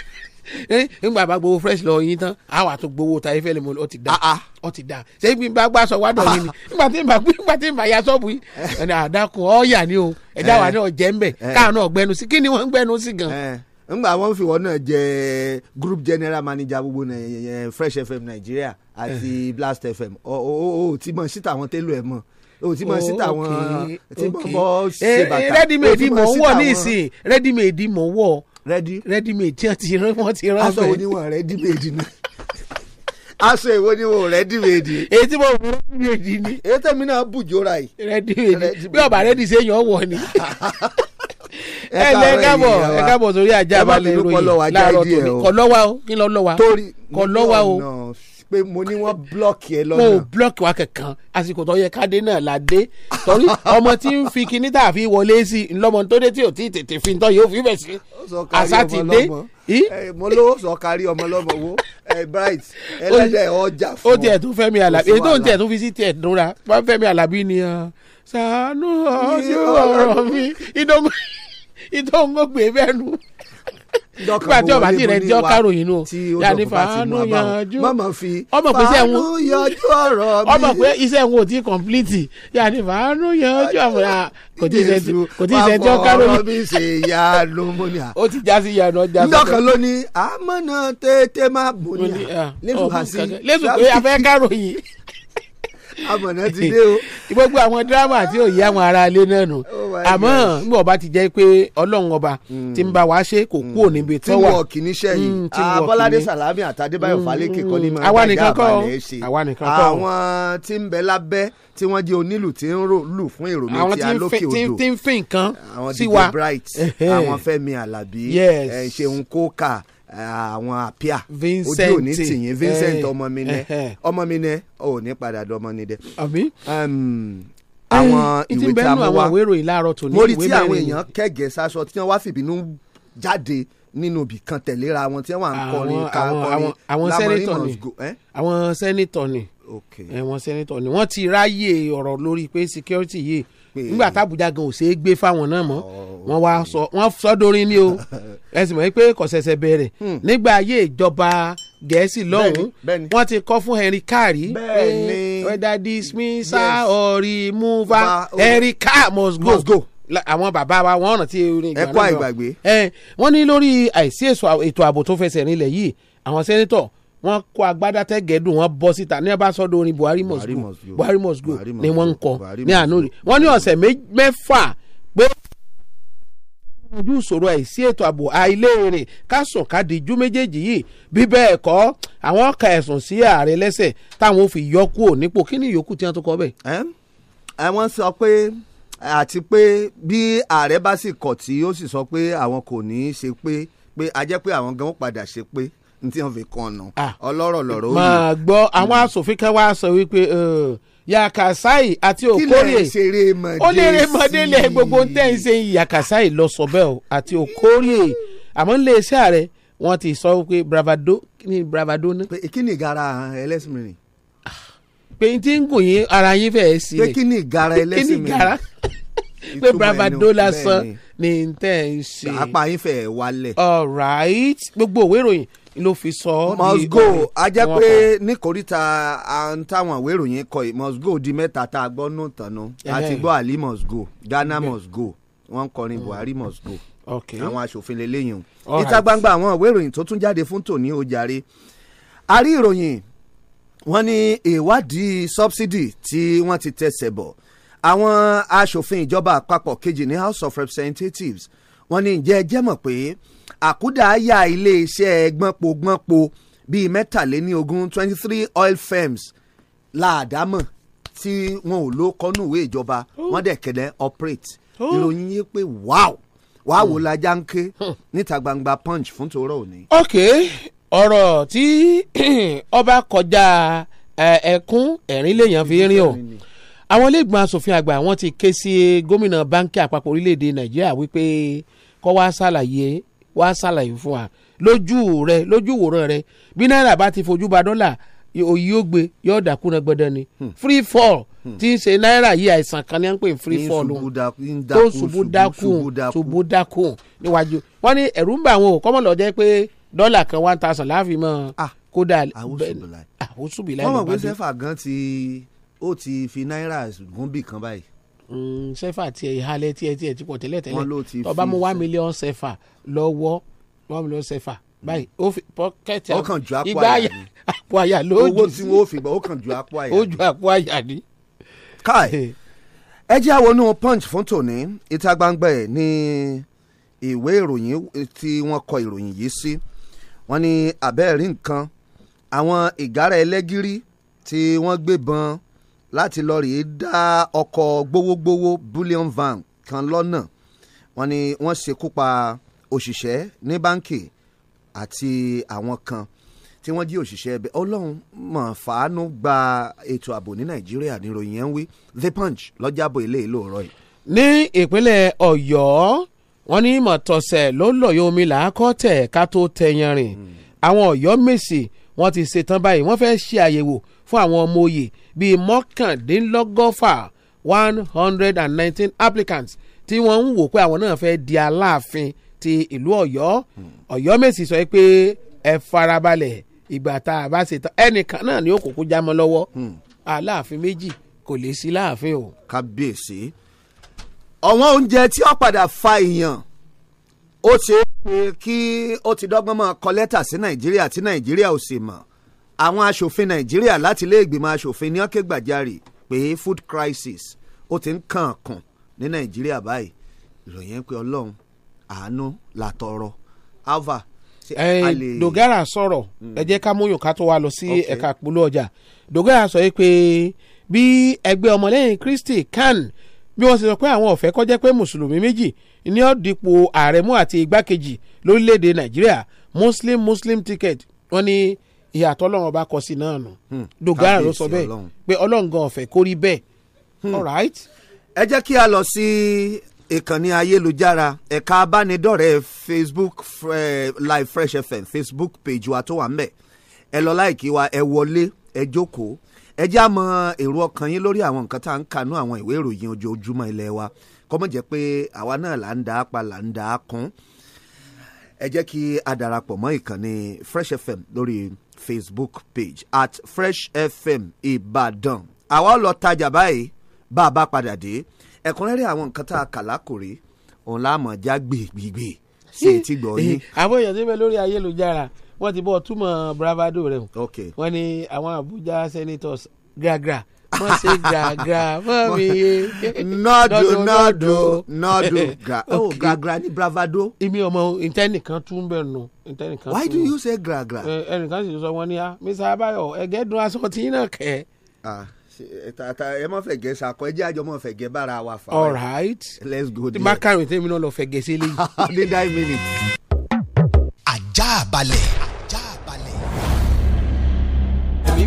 S22: Eh, nígbà bá gbowó fresh lọ yín tán àwa tó gbowó ta ifẹ̀ lè mọ ọ ti da ah, ọ ah. ti da ṣé ibi bá gbà sọ wádọ̀ yín ni ah. nígbà tí mà nígbà tí mà ya sọ́ọ̀bù yín eh. ẹni àdàkùn ọ̀ọ́yà ni o ẹ̀dá wa eh. náà jẹ́ ń bẹ̀ káà
S17: náà sí kí ni wọ́n ń gbẹnu sí gan ngbà wọn fi wọn náà jẹ group general manager gbogbo fresh fm nigeria àti blast fm o o o ti mọ síta àwọn télò ẹ mọ o ti mọ síta àwọn tí mo bọ ṣe bàtà o ti mọ síta àwọn ready made mò ń wọ
S22: ready made mò ń wọ ready. ready made tí wọ́n ti rán wọ́n ti rán bẹ́ẹ̀. aṣọ oníwọ̀n ready made ni aṣọ ìwọ ni wọ́n ready made. èyí tí mo mú ready made ni. èyí tẹ̀mí náà bùjọra yìí. ready made bí ọba ready ṣe yàn wọ̀ ni ẹ lẹ káàbọ̀ ẹ káàbọ̀ sórí ajá balẹ̀ ìròyìn láàárọ̀ tòní kọ lọ́wọ́
S17: kí lọ lọ́wọ́ kọ lọ́wọ́ o pé mo ní wọ́n blọ́ọ̀kì ẹ lọ́nà. wọn ò wa kankan àsìkò
S22: tó yẹ káde náà la dé torí ọmọ tí ń fi kinní tá a fi wọlé sí i ńlọmọ tó dé tí ò tí tètè fi tán yóò fi bẹ̀
S17: sí àṣà ti dé mo lówó sọ kárí ọmọ lọmọ wo bright ẹlẹ́dẹ̀ ọjà
S22: fún ọ. ó tiẹ̀ tún Fẹ́mi Alábí èyí tó ń tiẹ̀ tún fi sí tiẹ̀ dúnra Fẹ́mi Alábí ni ah, ṣàánú ọ̀ṣun ọ̀rọ̀ mi ìdánwò gbé bẹ́ẹ̀ nù nígbà tí ọba tí rẹ jọ káròyìn nù yàrá fàánù yanjú ọmọ pé iṣẹ́ wọn
S17: ọmọ pé iṣẹ́
S22: wọn ò tí kọ̀m̀plìtì yàrá fàánù yanjú àmọ́ra kò tí iṣẹ́ jọ káròyìn.
S17: ó ti já sí yanu ọjà. ndọ́kan ló ní amọ̀nà tètè máa bò lẹ́sùn àti lẹ́sùn pé a fẹ́ káròyìn amọ̀nà
S22: ti dé o. gbogbo àwọn dírámà tí ò yí àwọn ará ilé náà nù oh àmọ́ nígbà ọba ti jẹ́ pé ọlọ́run ọba hmm. ti ń bá wa ṣe kò kúrò níbi tó wà. tí wọ́ọ̀kì níṣẹ́ yìí hmm, abọ́ládé ah,
S17: salami àtàdébáyọ̀ hmm, falẹ́kẹ̀ kọ́ ní máa ń gbàjà àbálẹ̀ ṣe àwọn tí ń bẹ lábẹ́ tí wọ́n jẹ́ onílù tí ń lù fún èrò mi ti alókè odò àwọn tí
S22: ń fin nǹkan sí wa àwọn
S17: Fẹ́mi Alábí ṣeun kóka àwọn àpíà ojú òní tìyín Vincent eh, ọmọ mi nẹ eh, eh. ọmọ mi nẹ ò ní padà dọmọ ni dẹ. àwọn ìwé tí a mú wa mo rí tí àwọn èèyàn kẹ̀gẹ́ sásọ tí wọ́n wá fìbínú jáde nínú ibì kan tẹ̀léra wọn tí wọ́n à ń kọrin káwọn kọrin àwọn sẹ́nitọ̀ ni
S22: àwọn sẹ́nitọ̀ ni àwọn sẹ́nitọ̀ ni wọ́n ti ráyè ọ̀rọ̀ lórí pé security yìí nígbà tábùjá gan ò ṣeé gbé fáwọn náà mọ́ oh. wọ́n wá sọ wọ́n sọdọrin ni o ẹ̀sìn mọ̀ pé kò ṣẹ̀ṣẹ̀ bẹ̀rẹ̀ hmm. nígbà ayé ìjọba gẹ̀ẹ́sì lọ́hùn-ún ti kọ́ fún henry kari whether dismissal yes. or removal oh. henry kari must go. àwọn bàbá wa wọn rántí orin ìgbàlódé ẹ wọ́n ní lórí àìsí ètò ààbò tó fẹsẹ̀ rinlẹ̀ yìí àwọn sẹ́nitọ̀ wọ́n kó agbádá tẹ́gẹ̀ẹ́dùn wọ́n bọ́ síta ní abá sọ́dọ̀ orin Buhari must go Buhari must go ni wọ́n ń kọ ní ànúrí wọ́n ní ọ̀sẹ̀ mẹ́fà pé ojú ìṣòro àìsí ètò ààbò àìléèrè kásùn kádìjú méjèèjì yìí bí bẹ́ẹ̀ kọ́ àwọn ka ẹ̀sùn sí ààrẹ lẹ́sẹ̀ táwọn fi yọ kúrò nípò kí ni ìyókù tí wọ́n tó kọ bẹ́ẹ̀.
S17: ẹ wọ́n sọ pé àti pé bí ààrẹ bá sì kọ̀ tí ó sì sọ pé àwọn kò ní í ṣe pé pé a jẹ́ pé àwọn gan padà ṣe pé ní tí wọ́n fi kan nù ah. ọlọ́rọ̀ lọ́rọ̀ ó yìí. màá
S22: gbọ́ àwọn hmm. asòfin kan wá sọ wípé yakasai àti okorie
S17: ó lérè mọdélé
S22: gbogbo tẹ́ ń ṣe yakasai lọ sọ bẹ́ẹ̀ o àti okorie àmọ́ ilé iṣẹ́ rẹ̀ wọ́n ti sọ pé bravado ni bravado ní. pé kí ni ìgara ẹlẹ́sìn mìíràn. pé n ti ń gùn yín ara yín
S17: fẹ́ẹ́ sí i. pé kí ni ìgara ẹlẹ́sìn mìíràn.
S22: pé bravado lásán ni tẹ́ ń ṣe. apá yín fẹ́ẹ́ wálẹ̀. all right gbogbo òwe ìròyìn ló fi sọ ọ́ di mosgo a jẹ́ pé
S17: níkòríta táwọn ìwé ìròyìn kọ yìí mosgo di mẹ́ta tá a gbọ́ nù tànú a ti gbọ́ ali mosgo ghana mosgo wọ́n ń kọrin mm. buhari mosgo àwọn aṣòfin lélẹ́yìn o níta gbangba àwọn ìwé ìròyìn tó tún jáde fún tòní ó jàre a rí ìròyìn wọ́n ní ìwádìí subsidy tí wọ́n ti tẹ̀sẹ̀ bọ̀ àwọn aṣòfin ìjọba àpapọ̀ kejì ní house of representatives wọ́n ní ǹjẹ́ ẹ mọ̀ pé àkúdàáyà iléeṣẹ́ gbọ́npogbọ́npo bíi mẹ́tàléníogún twenty three oil firms láàdámọ̀ tí wọn ò ló kọ́nú ìwé ìjọba wọ́n dẹ̀ kẹ̀lẹ́ operate ìròyìn yìí pé wow wàá wò lajá níta gbangba punch fún tòró òní. ok ọ̀rọ̀
S22: tí ọba kọjá ẹkún ẹ̀rín lèèyàn fi rìn o àwọn iléègbọn asòfin àgbà wọ́n ti ké sí gómìnà báńkì àpapọ̀ orílẹ̀-èdè nàìjíríà wípé kó wá ṣàlàyé wá ṣàlàyé fún wa lójú rẹ lójú wòran rẹ bí náírà bá ti fojú ba dọ́là òyì yóò gbé yóò dàkúnà gbọdán ni hmm. free fall hmm. tí ń ṣe náírà yìí àìsàn kan ní à ń pè free fall o tó ṣubú dákùn ṣubú dákùn níwájú wọn ní ẹ̀rù ń bà wọn o kọ́mọ̀ lọ jẹ́ pé dọ́là kan one thousand láàfin mọ́ kódà àwòsùbìláì lọ́ba dé. wọ́n mọ̀ pé sẹ́fà
S17: gan ti ó ti fi náírà gúnbì kan báyìí sẹ́fà tí ẹ ìhalẹ̀ tí ẹ tí ẹ ti pọ̀ tẹ́lẹ̀ tẹ́lẹ̀ tó bá mú
S22: one million sẹ́fà lọ́wọ́ one million sẹ́fà báyìí ó fi pọ́kẹ́tì àwọn ìgbà
S17: àpò àyà ló jù sí owó tí wọ́n fi gbà ó kàn ju àpò àyà ni ó ju àpò àyà ni. káì ẹ jẹ́ àwọnú punch fún tòní ìta gbangba ẹ̀ ní ìwé ìròyìn tí wọ́n kọ ìròyìn yìí sí wọ́n ní abẹ́ẹ̀rí nǹkan àwọn ìgárá ẹlẹ́gìrì tí wọ́n gbébọn láti lọ rèé dá ọkọ̀ gbowógbowó bullion van kan lọ́nà wọ́n ní wọ́n ṣekú pa òṣìṣẹ́ ní báǹkì àti àwọn kan tí wọ́n jí òṣìṣẹ́ ẹbẹ̀ ọlọ́run mọ̀ fàánú gba ètò ààbò ní nàìjíríà níròyìn ẹ̀ ń wí the punch lọ́jàbọ̀ ilé ìlú ọ̀rọ̀ yìí. ní ìpínlẹ̀ ọ̀yọ́ wọ́n
S22: ní mọ̀tọ̀sẹ̀ ló ń lọ̀yọ̀ omi làákọ́ tẹ̀ ká tó tẹ̀yàn rìn hmm. àwọn ọ̀yọ́ mèsì wọ́n ti ṣetán báyìí wọ́n fẹ́ẹ́ ṣe àyẹ̀wò fún àwọn ọmọ òye bíi mọ́kàndínlọ́gọ́fà one hundred and nineteen applicants tí wọ́n ń wò pé àwọn náà fẹ́ di aláàfin ti ìlú ọ̀yọ́ ọ̀yọ́ mèsì sọ pé ẹ farabalẹ̀ ìgbà tá a bá ṣe tán ẹnìkan náà ni ó kúkú jámọ́ lọ́wọ́ hmm. aláàfin méjì kò lè sí
S17: láàfin o. kábíyèsí ọ̀wọ́n oúnjẹ tí ó padà fa ìyàn ó ṣe é pé kí ó ti dọ́gbọ́n mọ́ kọ lẹ́tà sí nàìjíríà tí nàìjíríà ò sì mọ̀ àwọn aṣòfin nàìjíríà láti ilé ìgbìmọ̀ aṣòfin ní ọ̀kẹ́ gbàjarè pé food crisis ó ti ń kàn kàn ní nàìjíríà báyìí ìròyìn ẹ pé ọlọ́run àánú làtọrọ alva dogara sọ̀rọ̀ hmm. ẹ jẹ́
S22: ká múyàn ká tó wá lọ sí ẹ̀ka àpolú ọjà dogara sọ pé bí ẹgbẹ́ ọmọlẹ́yìn kristi kan bí wọ́n ti sọ pé àwọn ọ̀fẹ́ kọjá pé mùsùlùmí méjì ní ọ̀dìpọ̀ ààrẹ mú àti igbákejì lórílẹ̀‐èdè nàìjíríà muslim muslim ticket wọ́n ní. Ni ìyàtọ̀ ọlọ́run ọba kọ sí náà nù hmm. dogara ló sọ bẹ́ẹ̀ pé ọlọ́run gan ọ̀fẹ́ kó rí bẹ́ẹ̀
S17: hmm. all right. ẹ jẹ́ kí a lọ sí ìkànnì ayélujára ẹ̀ka abánidọ́rẹ̀ẹ́ facebook eh, live fresh fm facebook page wa tó wà ń bẹ̀ ẹ lọ láìkí wa ẹ wọlé ẹ jókòó ẹ já mọ èrò ọkàn yín lórí àwọn nǹkan tá à ń kànú àwọn ìwé ìròyìn ojoojúmọ́ ilé wa kọ́mọ̀ jẹ́ pé àwa náà là ń dà á pa là ń dà á kún ẹ jẹ́ kí a darapọ̀ mọ́ ìkànnì fresh fm lórí facebook page at fresh fm ìbàdàn àwa lọ tajà báyìí bá a bá padà dé ẹ̀kúnrẹ́rẹ́ àwọn nǹkan tá a kà lákòrè òun láàmú já gbègbègbè sí etí gbọ́ yín. àwọn èèyàn síbẹ̀ lórí ayélujára wọ́n ti bọ́ túmọ̀
S22: bravado rẹ̀ wọ́n ní àwọn Abuja senators gragra mo ṣe gragra fún mi nọ́ọ̀dù nọ́ọ̀dù nọ́ọ̀dù gra ní bravado. ibi ọmọ ìtẹnìkan tún bẹ̀ nù. why do you say gragra. ẹnìkan sì sọ wọn ni a ah, mr abayo ẹgẹdun aṣọ tí náà kẹ. tata ah, ẹ mọ fẹgẹ
S17: sakọ ẹ jẹ àjọ mọ fẹgẹ bára wa fa. all
S22: right let's go there. tí bá kàrin tèmi náà lọ fẹgẹ sílẹ̀.
S17: ní nine minutes. ajá balẹ̀.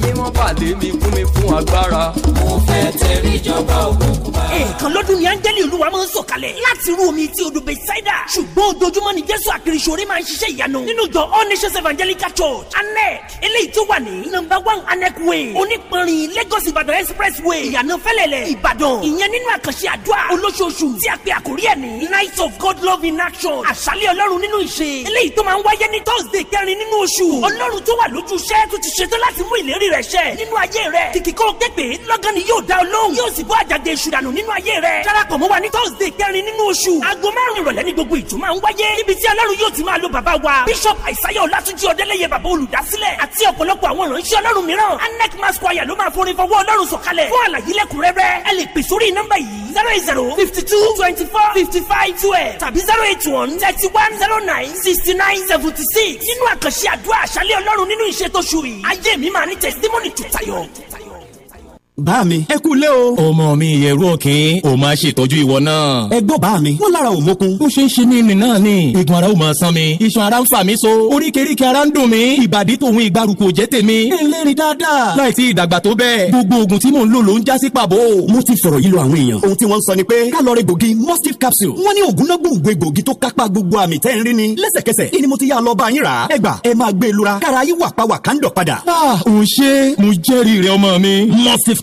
S17: kí wọ́n pàdé mi kún mi fún agbára. mo fẹ́ tẹ̀rí
S7: ìjọba òkùnkùn bá. ẹ̀ẹ̀kan lọ́dún ni áńgẹ́lì olúwa máa ń sọ̀kalẹ̀ láti rú omi tí odò bẹ́sáídà. ṣùgbọ́n ojoojúmọ́ ni jésù àkèrèsòrè máa ń ṣiṣẹ́ ìyanu nínú ìjọ all nations evangelical church anec eléyìí tó wà ní number one anec way onípanrin lagos ìbàdàn express way ìyànà fẹ́lẹ̀lẹ̀ ìbàdàn ìyẹn nínú àkànṣe àdúrà olóṣooṣù tí a pè àkórí ẹ̀ ní night of god love in action àṣálẹ̀ ọlọ́run nínú ìṣe eléyìí tó máa ń wáyé ní thursday kẹrin nínú oṣù ọlọ́run tó wà lójú iṣẹ́ tó ti ṣetán láti mú ìlérí r rẹ̀ ṣẹ nínú ayé rẹ̀ kìkì kó képe lọ́gán ni yóò dá ọ yóò sì bọ́ àjàgbé èṣù nínú ayé rẹ̀ darapọ̀ mọ́ wa ní thursday kẹrin nínú oṣù aago márùn ìrọ̀lẹ́ ní gbogbo ìjọ máa ń wáyé níbi tí alárùn yóò ti máa lo bàbá wa bishop àìsáyà ọlátúnjì ọdẹlẹyẹ bàbá olùdásílẹ̀ àti ọ̀pọ̀lọpọ̀ àwọn ìránṣẹ́ ọlọ́run mìíràn anec mass ló máa forin fọwọ́ ọlọ́run sọ̀kalẹ̀ fún àlàyé lẹ́kùnrẹ́rẹ́ ẹ lè pè sórí nọ́mbà yìí zero eight zero fifty two twenty four fifty five twelve tàbí zero eight one thirty one zero nine sixty nine seventy six nínú àkànṣe àdúrà àṣálẹ́ ọlọ́run nínú ìṣètò ṣùrì ayé mi máa ní tẹ̀sí testimony to Tayo.
S18: bá mi. ẹ kú lé o.
S15: ọmọ mi ìyẹ̀rú òkè o máa ṣètọ́jú ìwọ náà. ẹ gbọ́ bá mi. wọ́n lára ò mókun. ó ṣe ń ṣe ní
S8: ìrìn náà ni. igun ara ò máa san mi. iṣan ara ń fà mí so. oríkèéríkèé ara ń dùn mí. ìbàdí tòun ìgbàrúkọ jẹ́ tèmi. ẹlẹ́rìí dáadáa. láì tí ìdàgbà tó bẹ́ẹ̀. gbogbo oògùn tí mò ń lò ló ń já sí pàbó. mo ti fọ̀rọ̀ yí lọ àwọn èèyàn. ohun tí wọ́n sọ ni pé ká capsule. wọ́n ní oògùn náà gbòǹgbò egbòogi tó ni. lẹ́sẹ̀kẹsẹ̀ ni mo ti yá lọ bá yín rà e lura. kára yín wà pa ah òun ṣe mo jẹ́rìí rẹ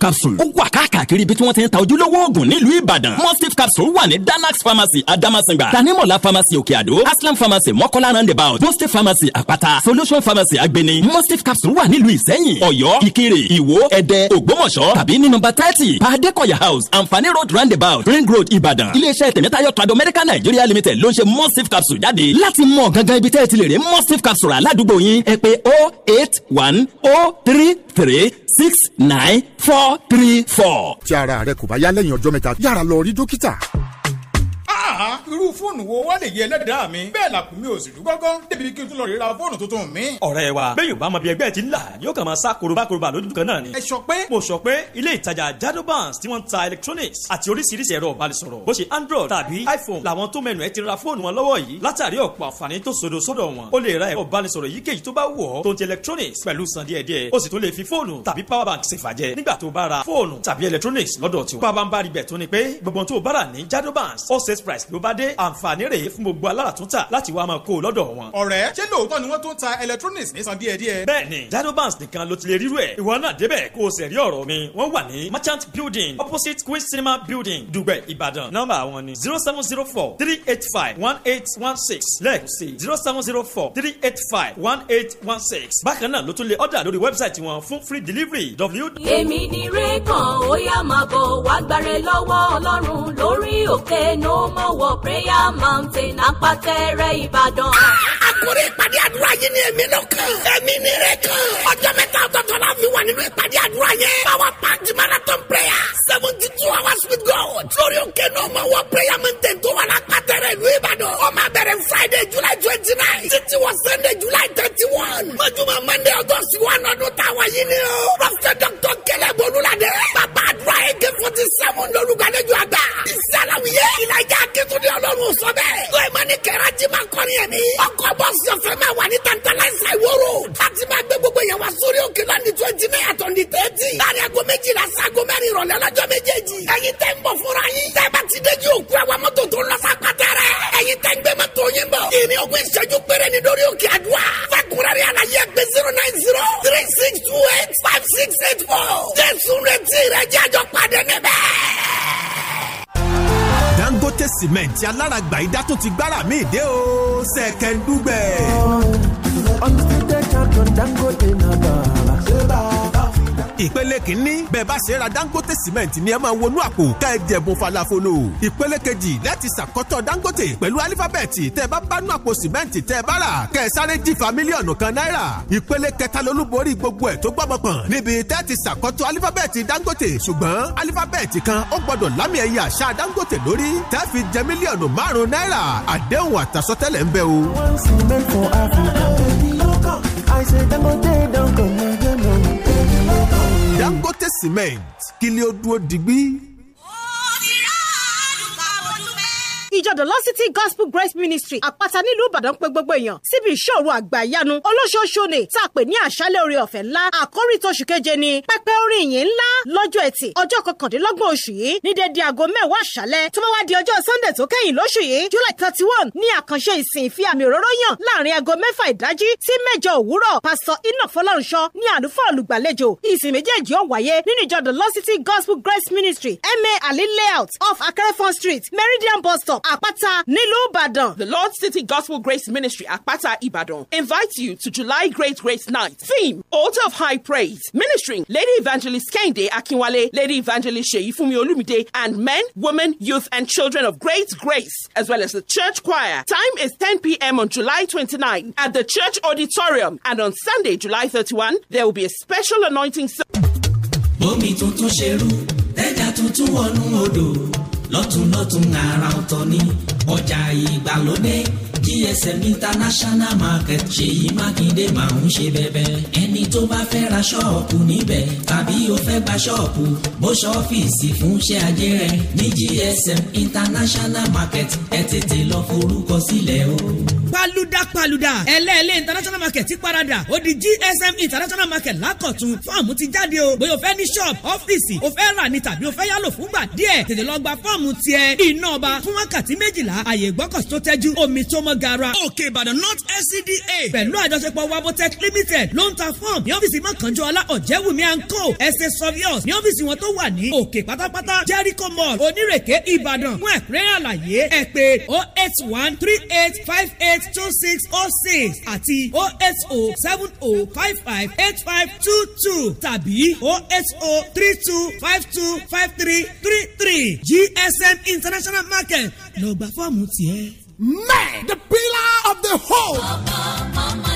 S8: capsule ó wà káàkiri ibi tí wọ́n ti ń ta ojúlówó oògùn nílùú Ìbàdàn mustif capsule wà ní danax pharmacy adamasingba tanimola pharmacy
S21: òkè aslam pharmacy mọ́kànlá roundabout mustif pharmacy àpáta solution pharmacy agbeni mustif capsule wà nílùú Ìsẹ́yìn Ọ̀yọ́ Ìkirè Ìwó Ẹdẹ Ògbómọ̀ṣọ́ tàbí ní nọ́mbà thirty pàdékọ̀yà house anfani road roundabout ring road Ìbàdàn iléeṣẹ́ tẹ̀mẹ́tayọ̀ tọ́jú American Nigeria limited ló ń ṣe mustif
S8: capsule jáde láti mọ̀ gangan ibi tẹ́ ti lè rí mustif capsule aládùúgbò yín ẹ pé oh eight one oh three three six nine four three four. tí ara rẹ kò bá yá lẹ́yìn ọjọ́ mẹ́ta yára lọ rí dókítà
S21: á irú fóònù wo wá lè yẹ ẹlẹ́dàá mi bẹ́ẹ̀ làkùn mi ò sì dùn gángan débi kí n tún lọ rí ra fóònù tuntun mi.
S8: ọ̀rẹ́ wa bẹ́ẹ̀ yóò bá ọmọ bíi ẹgbẹ́
S21: ti ń là yóò kàn máa sá korobá korobá lójú kan náà ni. ẹ sọ pé. mo sọ pé ilé ìtajà jado banks tí wọ́n ta electronics àti oríṣiríṣi ẹ̀rọ ìbánisọ̀rọ̀ bó ṣe android tàbí iphone làwọn tó mẹ́nu ẹ ti ra fóònù wọn lọ́wọ́ yìí látàrí ọ̀pọ̀ àǹfààní tó sodo sọ́dọ̀ wọn. o lè ra ẹ̀rọ ìbánisọ̀rọ̀ yíkéyìí tó bá wọ̀ ọ́ tó ń ti electronics pẹ̀lú san díẹ̀díẹ̀ o sì tún lè fi fóònù tàbí power bank ṣèfàjẹ́ nígbà tó bá ra fóònù tàbí electronics lọ́dọ̀ tiwọn. bàbá bẹ̀ tó ni pé gbogbo tó bára ní jado banks all sales price ló bá dé àǹfààní rèé fún gbogbo aláràtúntà láti wá máa kó o lọ́dọ̀ wọn. ọ̀rẹ́ ṣé lóòótọ́ ni wọ́n tún ta electronics ní san díẹ̀díẹ̀. bẹ́ẹ̀ni Dano nìkan ló ti lè rírú ẹ̀ ìwọ náà débẹ̀ kó o sì rí ọ̀rọ̀ mi wọ́n wà ní merchant building opposite queen cinema building dùgbẹ̀ ìbàdàn nọ́mbà wọn ni zero seven zero four three eight five one eight one six lẹ́ẹ̀kú sí zero seven zero four three eight five one eight one six bákan náà ló tún lè ọ̀dà lórí wẹ́bsáìtì wọn fún free delivery w. èmi ni rékàn ó yá
S20: máa bọ̀
S9: wá gbàrẹ́ lọ́wọ́ ọlọ́run lórí òkè no more wọ prayer mountain
S7: apátẹ́rẹ́ ìbàdàn. àkórí ìpàdé àdúrà yìí ni èmi ló kàn. èmi ni rẹ kàn. ọjọ́ mẹ́ta ọ̀tọ̀ọ̀tọ̀ la fi wà nínú ìpàdé àdúrà yẹn. power packed marathon prayer seventy two hours with God. lórí òkè náà mo wọ prayer mountain tó wà lápátẹ́rẹ́ ìlú ìbàdàn. ó máa bẹ̀rẹ̀ friday july twenty nine títí wọ sunday july thirty one. mọ́júmọ́ monday ọjọ́ sí one ọdún táwa yìí ni o. Dr. Dr. kẹlẹ́ bolúladé. bàbá àdúrà ak forty seven lórúkọ àlejò àgbà. ìsàlàwìyẹ ìlàjà akẹ́ látọ̀dí ọlọ́run sọ bẹ́ẹ̀. tó ìmọ̀ ní kẹrẹ ajé máa ń kọrin ẹ̀mí. ọkọ̀ bọ́ọ̀sì ọ̀fẹ́ máa wà ní tantalize ìwó road. láti máa gbé gbogbo yẹn wá sórí òkè lọ́ni twenty nine àtọ̀ ní thirty. láàrin aago méjìlá sí aago mẹ́rin ìrọ̀lẹ́ lọ́jọ́ méjèèjì. ẹ̀yin tẹ́ ń bọ̀ fúnra yín. tẹ́ bá ti dé ju òkú àwa mọ́tò tó ń lọ sápátẹ́rẹ́. ẹ̀yin tẹ́ ń gbé mọ́tò yín bọ̀. ìní ogun ìṣẹ́jú péré ni lórí òkè àdúrà. fàkúrẹ́rẹ́ àlàyé gbé zero nine zero three six two eight five six eight four. jésù retí rẹ̀ jẹ́ àjọpàdé níbẹ̀.
S21: Dangote cement alára gbàyídá tó ti gbára mi dé o ṣẹ̀kẹ̀ ń dúgbẹ̀. ti dé ìpele kìíní bẹ́ẹ̀ bá ṣe ra dangote cement ni ẹ máa wọnú àpò ká ẹ jẹ̀bùn falafolo ìpele kejì láti ṣàkọ́tọ̀ dangote pẹ̀lú alifábẹ́ẹ̀tì tẹ́ bá bánú àpò cement tẹ́ bá rà kẹ́ sáré jìfà mílíọ̀nù kan náírà ìpele kẹta lolúborí gbogbo ẹ̀ tó gbọ́mọpọ̀n níbi tẹ́ ti ṣàkọ́tọ̀ alifábẹ́ẹ̀tì dangote ṣùgbọ́n alifábẹ́ẹ̀tì kan ó gbọ́dọ̀ lámì ẹ̀yẹ àṣà dangote lórí tẹ́ fi jẹ mílíọ̀nù márùn náírà àdéhùn àtàsọtẹ́lẹ̀ ń bẹ o. one cement for Africa. I say Dangote Dangote cement kí lè ó dúró digbí.
S12: ìjọ Velocity Gospel Grace Ministry àpáta nílùú Ìbàdàn pé gbogbo èèyàn síbi ìṣòro àgbàyanu olóṣooṣù ni tá a pè ní àṣálẹ́ orí ọ̀fẹ́ ńlá àkórí tóṣù keje ni pẹpẹ orin ìyìn ńlá lọ́jọ́ ẹtì ọjọ́ kọkàndínlọ́gbọ̀n oṣù yìí ní dédé aago mẹ́wàá àṣálẹ́ tó bá wá di ọjọ́ Sunday tó kẹ́yìn lóṣù yìí July thirty one ní àkànṣe ìsìn ìfi àmì òróró yàn láàrin aago mẹ́fà ìdájí sí mẹ́jọ òwúrọ̀ pásítọ̀ Enoch Fọlọ́runṣọ́ ní àlùfáà olùgbàlejò ìsìn méjèèjì ó wáyé nínú ìjọ Velocity Gospel Grace Ministry ma Alin layout off akẹ́rẹ́fọ́n street Meridian bus stop Apata Nilu Badan. The Lord
S7: City Gospel Grace Ministry Akpata Ibadan invites you to July Great Grace Night. Theme Altar of High Praise. Ministering Lady Evangelist Kende Akinwale, Lady Evangelist Sheifumi Olumide, and men, women, youth, and children of great grace, as well as the church choir. Time
S2: is 10 p.m. on July 29 at the church auditorium, and on Sunday, July 31, there will be a special anointing. Bómi tuntun tẹ́jà tuntun wọnú odò. lọ́tún lọ́tún àrà ọ̀tọ̀ ni ọjà ìgbàlódé
S10: gsm international market ṣèyí mákindé máa ń ṣe bẹbẹ ẹni tó bá fẹ́ ra ṣọ́ọ̀pù níbẹ̀ tàbí o fẹ́ gba ṣọ́ọ̀pù bó ṣọ́ọ̀fìsì fún
S9: ṣẹ́ ajé rẹ ní gsm international market ẹ tètè lọ forúkọ sílẹ̀
S7: o. paluda paluda ẹlẹ́ẹ̀lẹ́ international market ti parada ó di gsm international market lákọ̀tún fọ́ọ̀mù ti jáde o bóyá o fẹ́ ní ṣọ́ọ̀pù ọ́fíìsì o fẹ́ rà ní tàbí o fẹ́ yálò fúngbà díẹ̀ tètè lọ gba fọ́ọ̀mù tiẹ̀ bí gara òkè ìbàdàn north scda pẹ̀lú àjọṣepọ̀ wabotech limited ló ń ta fọ́ọ̀mù ní ọ́fíìsì mọ́kànjọ́lá ọ̀jẹ̀wùmí and co ẹsẹ̀ sọ́fíọ́s ní ọ́fíìsì wọn tó wà ní òkè pátápátá jericho mall onírèké ìbàdàn fún ẹ̀kúnrẹ́rẹ́ àlàyé ẹ pè oh eight one three eight five eight two six oh six àti oh eight oh seven oh five five eight five two two tàbí oh eight oh three two five two five three three three gsm international market lọ gba fọ́ọ̀mù tiẹ̀.
S11: man,
S7: the pillar of the whole. Bàbá màmá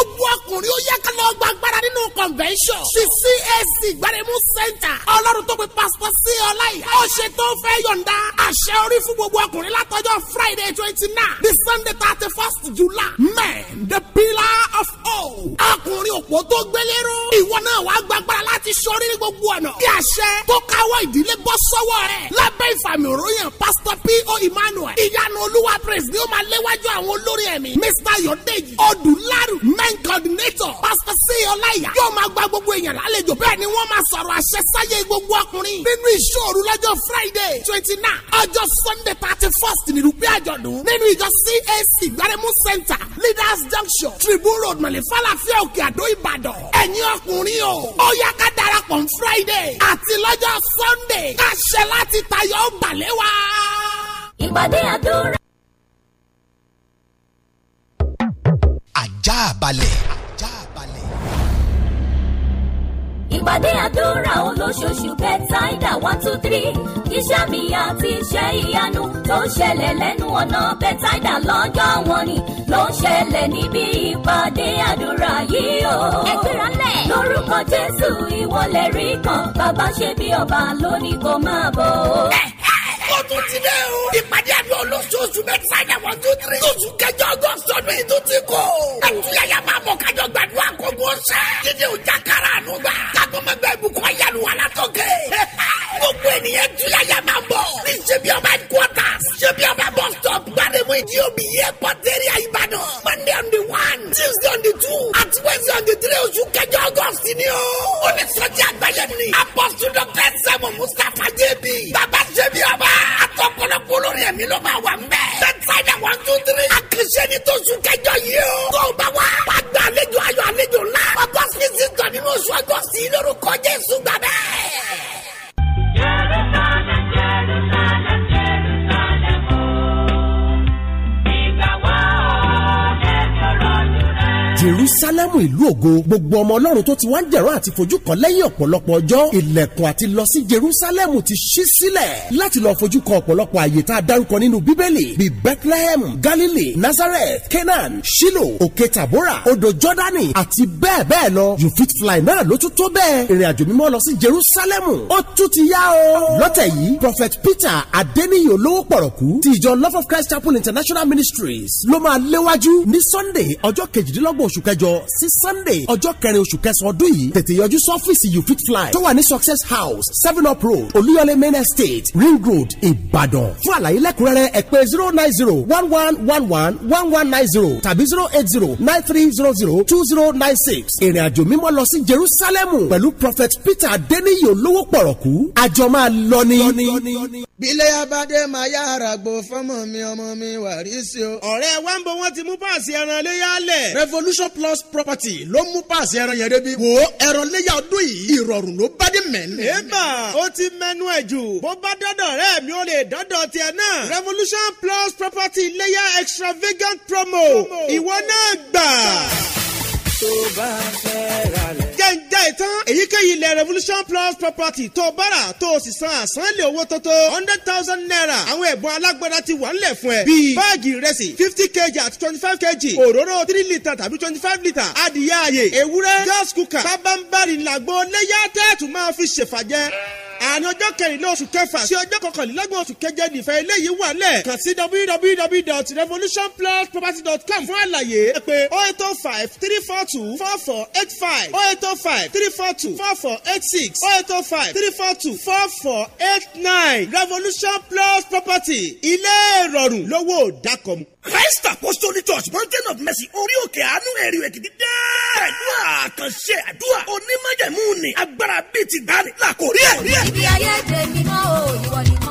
S7: ọ̀gbọ́n ọkùnrin ó yẹ ká lọ gba agbára nínú convention. ti CAC gbaremu center. ọlọ́run tó pe pastor sí ọlá yìí. ó ṣe tó fẹ́ yọ̀ǹda. àṣẹ orí fún gbogbo ọkùnrin látọjọ́ friday twenty nine the sunday thirty first july. men the pillar of hope. ọkùnrin òpó tó gbélérò. ìwọ náà wàá gbàgbára láti ṣorí ní gbogbo ọ̀nà. kí àṣẹ tó káwọ́ ìdílé bọ́ sọ́wọ́ rẹ̀. lábẹ́ ìfàmì òróyìn pastor O Emmanuel. ìyanu olúwa praise ni ó máa léwájú àwọn olórí ẹ̀mí. mr yọ̀dẹ̀jì ọdún lárù mẹ́ event coordinator pastor c ọláyà yóò máa gba gbogbo èèyàn lálejò bẹ́ẹ̀ ni wọ́n máa sọ̀rọ̀ àṣẹ sáyé gbogbo ọkùnrin nínú ìṣòro lọ́jọ́ friday twenty nine ọjọ́ sunday thirty first nìrúgbẹ́ àjọ̀dún nínú ìjọ cac gbaremu center leaders junction tribune road mọ̀lẹ́fàlàfíà òkè àdó ìbàdàn ẹ̀yin ọkùnrin o ó yá ká darapọ̀ friday àti lọ́jọ́ sunday káṣẹ láti tayọ balẹ̀ wá. ìpàdé àdúrà
S8: ajá balẹ̀.
S9: ìpàdé àdúrà olóṣooṣù bẹ́tàìdà one two three iṣẹ́ mi àti iṣẹ́ ìyanu tó ń ṣẹlẹ̀ lẹ́nu ọ̀nà bẹ́tàìdà lọ́jọ́ wọn ni ló ń ṣẹlẹ̀ níbi ìpàdé àdúrà yìí o. ẹ gbéra lẹ̀. lórúkọ jésù ìwọlẹ̀ rí kan bàbá ṣe bí ọba lónìí kò máa bọ̀.
S7: ẹ ẹ ó ti dé o. ìpàdé ọjọ́ olóṣooṣù mẹ́ta yẹn wọ́n tún tiri. oṣù kẹjọ ọgọ́ sọdún yìí tún ti kó. àtúnyẹyẹ máa mọ kájọ gbàdúrà kọ̀ọ̀kan ọ̀sẹ̀. jíjẹ òjà kára àánú gbà. kágbọ́n mọ bẹ́ẹ̀ bukọ́ yẹlu wà látọ̀kẹ́. gbogbo ènìyàn túyẹyẹ máa bọ̀. ní ṣebí ọba quarters ṣebí ọba bus stop gbàdémù ìdíyòbí yẹ pọ́tẹ́rì àyíbádàn. monday on the one tuesday on the two àti wednesday on the three oṣù kẹjọ august ni o. ó ní sọ́jà àgbáyé ni. apọ́sù dr sẹ́mu mustapha jẹ́bi. bàbá ṣebí ọba. àtọ̀pọ̀lọpọ̀ olórin ẹ̀mí lọ́ba máa wà mbẹ. bẹ́ẹ̀ sáyidá one two three. a kì í ṣe ní tóṣù kẹjọ yìí o. tó o bá wá. wà á gba àlejò ayọ̀ àlejò ńlá. ọgọ́sì sísọ nínú oṣù ọgọ́sì lórúkọ Jésù gbàgbẹ́.
S8: jerusalemu ìlú ògo gbogbo ọmọ ọlọ́run tó ti wá ń jẹ̀rọ àti fojú kan lẹ́yìn ọ̀pọ̀lọpọ̀ ọjọ́ ilẹ̀kùn àti lọ sí jerusalemu ti ṣí sílẹ̀ láti lọ fojú kan ọ̀pọ̀lọpọ̀ àyè tá a dárúkọ nínú bíbélì bíi bethlehem galilee nazareth canaan shiloh òkè tabora odò jordani àti bẹ́ẹ̀ bẹ́ẹ̀ lọ you fit fly náà ló tún tó bẹ́ẹ̀ ìrìn àjò mímọ́ lọ sí jerusalemu ó tún ti yá o lọ́tẹ̀ yìí prophet peter adeniyi olówó pọ̀rọ̀kú ti ìjọ love of christ chapel international ministries ló máa léwájú ní sunday ọjọ́ kejìdínlọ́gbọ̀n oṣù kẹjọ sí sunday ọjọ́ kẹrin oṣù kẹsàn-án ọdún yìí tètè yọjú sọ́fíìsì you fit fly tó wà ní success house seven up road olúyọlé main estate ring road ìbàdàn fún àlàyé lẹ́kùnrẹ́rẹ́ ẹ pè zero nine zero one one one one one one nine zero tàbí zero eight zero nine three zero zero two zero nine six ìrìnàjò mímọ́ lọ sí jerusalem pẹ̀lú prophet peter adeniyi olówó pọ̀rọ̀kú àjọ máa lọ ní.
S21: bílẹ̀ abadé máa yára gbó fọ́mọ mi ọmọ mi wà rí sí o. ọ̀rẹ́ wa ń bọ̀ wọ́n ti mú páàsì ẹran léyà revolution nutrition plus property ló mú páàsì ẹran yẹn débi. wo ẹran léyà ọdún yìí ìrọ̀rùn ló bá dé mẹ́nu. èèmà ó ti mẹ́nu ẹ̀ jù bó bá dọ́dọ̀ rẹ̀ mi ò lè dọ́dọ̀ tiẹ̀ náà. revolution plus property léyà extravagant promo ìwọ náà gbà. tó bá fẹ́ tán èyíkéyìí ilẹ̀ revolution plus property tó bára tó o sì san àsánlé owó tó tó hundred thousand naira àwọn ẹ̀bùn alágbára ti wà ńlẹ̀ fún ẹ bíi báàgì ìrẹsì fifty kg àti twenty five kg òróró three litre tàbí twenty five litre adìyẹ ààyè ewúrẹ́ gas cooker sábàǹbarì làgbo léyà tẹ́ẹ̀tù máa fi ṣèfàjẹ́ àárín ọjọ́ kẹrìnlá oṣù kẹfà sí ọjọ́ kọkànlélọ́gbọ̀n oṣù keje nìfẹ́ eléyìí wà lẹ̀ kàn sí www.revolutionplusproperty.com fún àlàyé ẹ pé oh eight oh five three four two four four eight five oh eight oh five three four two four four eight six oh eight oh five three four two four four eight nine Revolution Plus Property ilé ìrọ̀rùn lówó dákọ̀mù. Christ Apostolic Church Mountain of Mercy orí òkè àánú ẹ̀rí èkìtì dáa. Àdúrà àkànṣe àdúrà
S7: onímájẹ̀mú ni agbára bíi ti gbani làkòrí ẹ̀. Ibi ayé
S11: dèmi mọ́ òòyì wọ̀ nìkan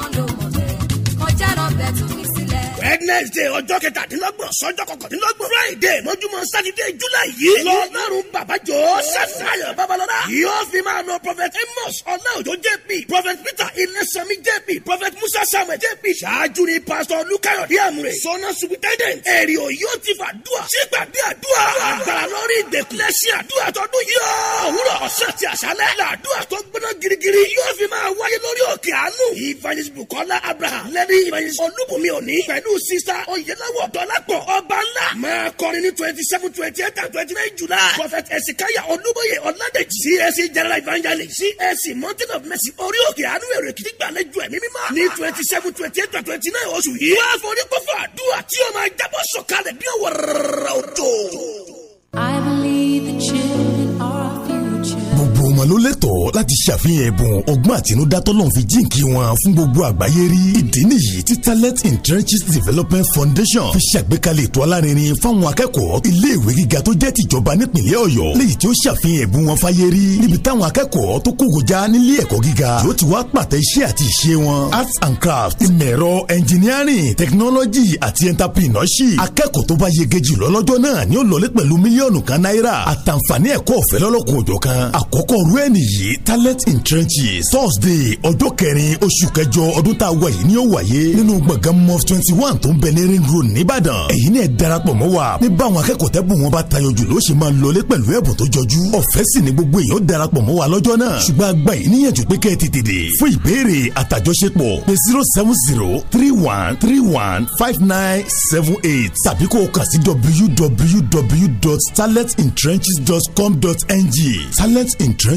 S7: wednesday ọjọ́ kẹtàdínlọ́gbọ̀n sọ́jọ́ kọkàndínlọ́gbọ̀n friday mọ́júmọ́ sátidé july yìí lọ́lọ́run babajọ sẹ́fàyọ̀ babalọ́lá yóò fi máa nọ prophet amos ọláòjó jp prophet peter ilésànmí jp prophet musa samuel jp ṣáájú ni pastor lukayo diamure sọnà subitẹ́dẹ̀n èrè òyò ti fà dùà sígbàdí àdùà àgbàlá lórí ìdẹ́kulẹ́sí àdùà tọdún yóò òwúrọ̀ ọ̀sẹ̀ ti àṣálẹ̀ làdùà tó gbóná girigiri yóò fi máa wáyé lórí òkè àánú evangelist bukola abraham lẹ́ni evangelist olúbùnmi òní pẹ̀lú pẹ̀lú sista oyèláwọ̀ dọ́lápọ̀ ọba ńlá máa kọrin ní twenty seven twenty eight and twenty nine july prophet esikaya olúmọye ọ̀làdẹ̀jì csc e general evangelist csc e mountain of mercy orí òkè àánú èrè kìtì gbàlejò ẹ̀mí mímá ní twenty seven twenty eight and twenty nine oṣù yìí wàá forí kófò àdúrà tí o máa jábọ̀ sọ̀kalẹ̀ bí ọ̀wọ̀rọ̀rọ̀rọ̀ òjò.
S16: nìkan ló lẹ́tọ̀ọ́ láti ṣàfihàn ẹ̀bùn ọgbọ́n àtinúdá tọ́lọ́run fi jíǹkí wọn fún gbogbo àgbáyé rí. ìdí nìyí tí talent in trenches development foundation fi ṣàgbékalẹ̀ ètò alárinrin fáwọn akẹ́kọ̀ọ́ iléèwé gíga tó jẹ́ tìjọba nípìnlẹ̀ ọ̀yọ́ léyìí tí ó ṣàfihàn ẹ̀bùn wọn fáyé rí níbi táwọn akẹ́kọ̀ọ́ tó kógojá nílé ẹ̀kọ́ gíga yóò ti wá pàtẹ iṣẹ́ arts and crafts ìmọ̀ engineering technology àti entrepreneurship akẹ́kọ̀ọ́ tó bá yege jù ni ó lọlé pẹ̀lú mílíọ̀nù kan náírà àtàǹfààní ẹ̀kọ́ ọ̀fẹ́ irú ẹ̀ nìyí talent in trenches thursday ọjọ́ kẹrin oṣù kẹjọ ọdún tá a wà yìí ni ó wáyé nínú gbọ̀ngàn mof twenty one tó ń bẹ ní ring road nìbàdàn èyí ni ẹ darapọ̀ mọ́ wa ní báwọn akẹ́kọ̀ọ́ tẹ́bùn wọn bá tayọ jù ló ṣe máa lọlé pẹ̀lú ẹ̀bùn tó jọjú ọ̀fẹ́ sì ni gbogbo èèyàn darapọ̀ mọ́ wa lọ́jọ́ náà ṣùgbọ́n àgbà yìí níyànjú pé kẹ́ ẹ tètè dé fún ìbéèrè àtàjọṣepọ̀ pé zero seven zero three one three one five nine seven eight tàbí kó o kàn sí www.talentintrenches.com.ng
S3: talent in trenches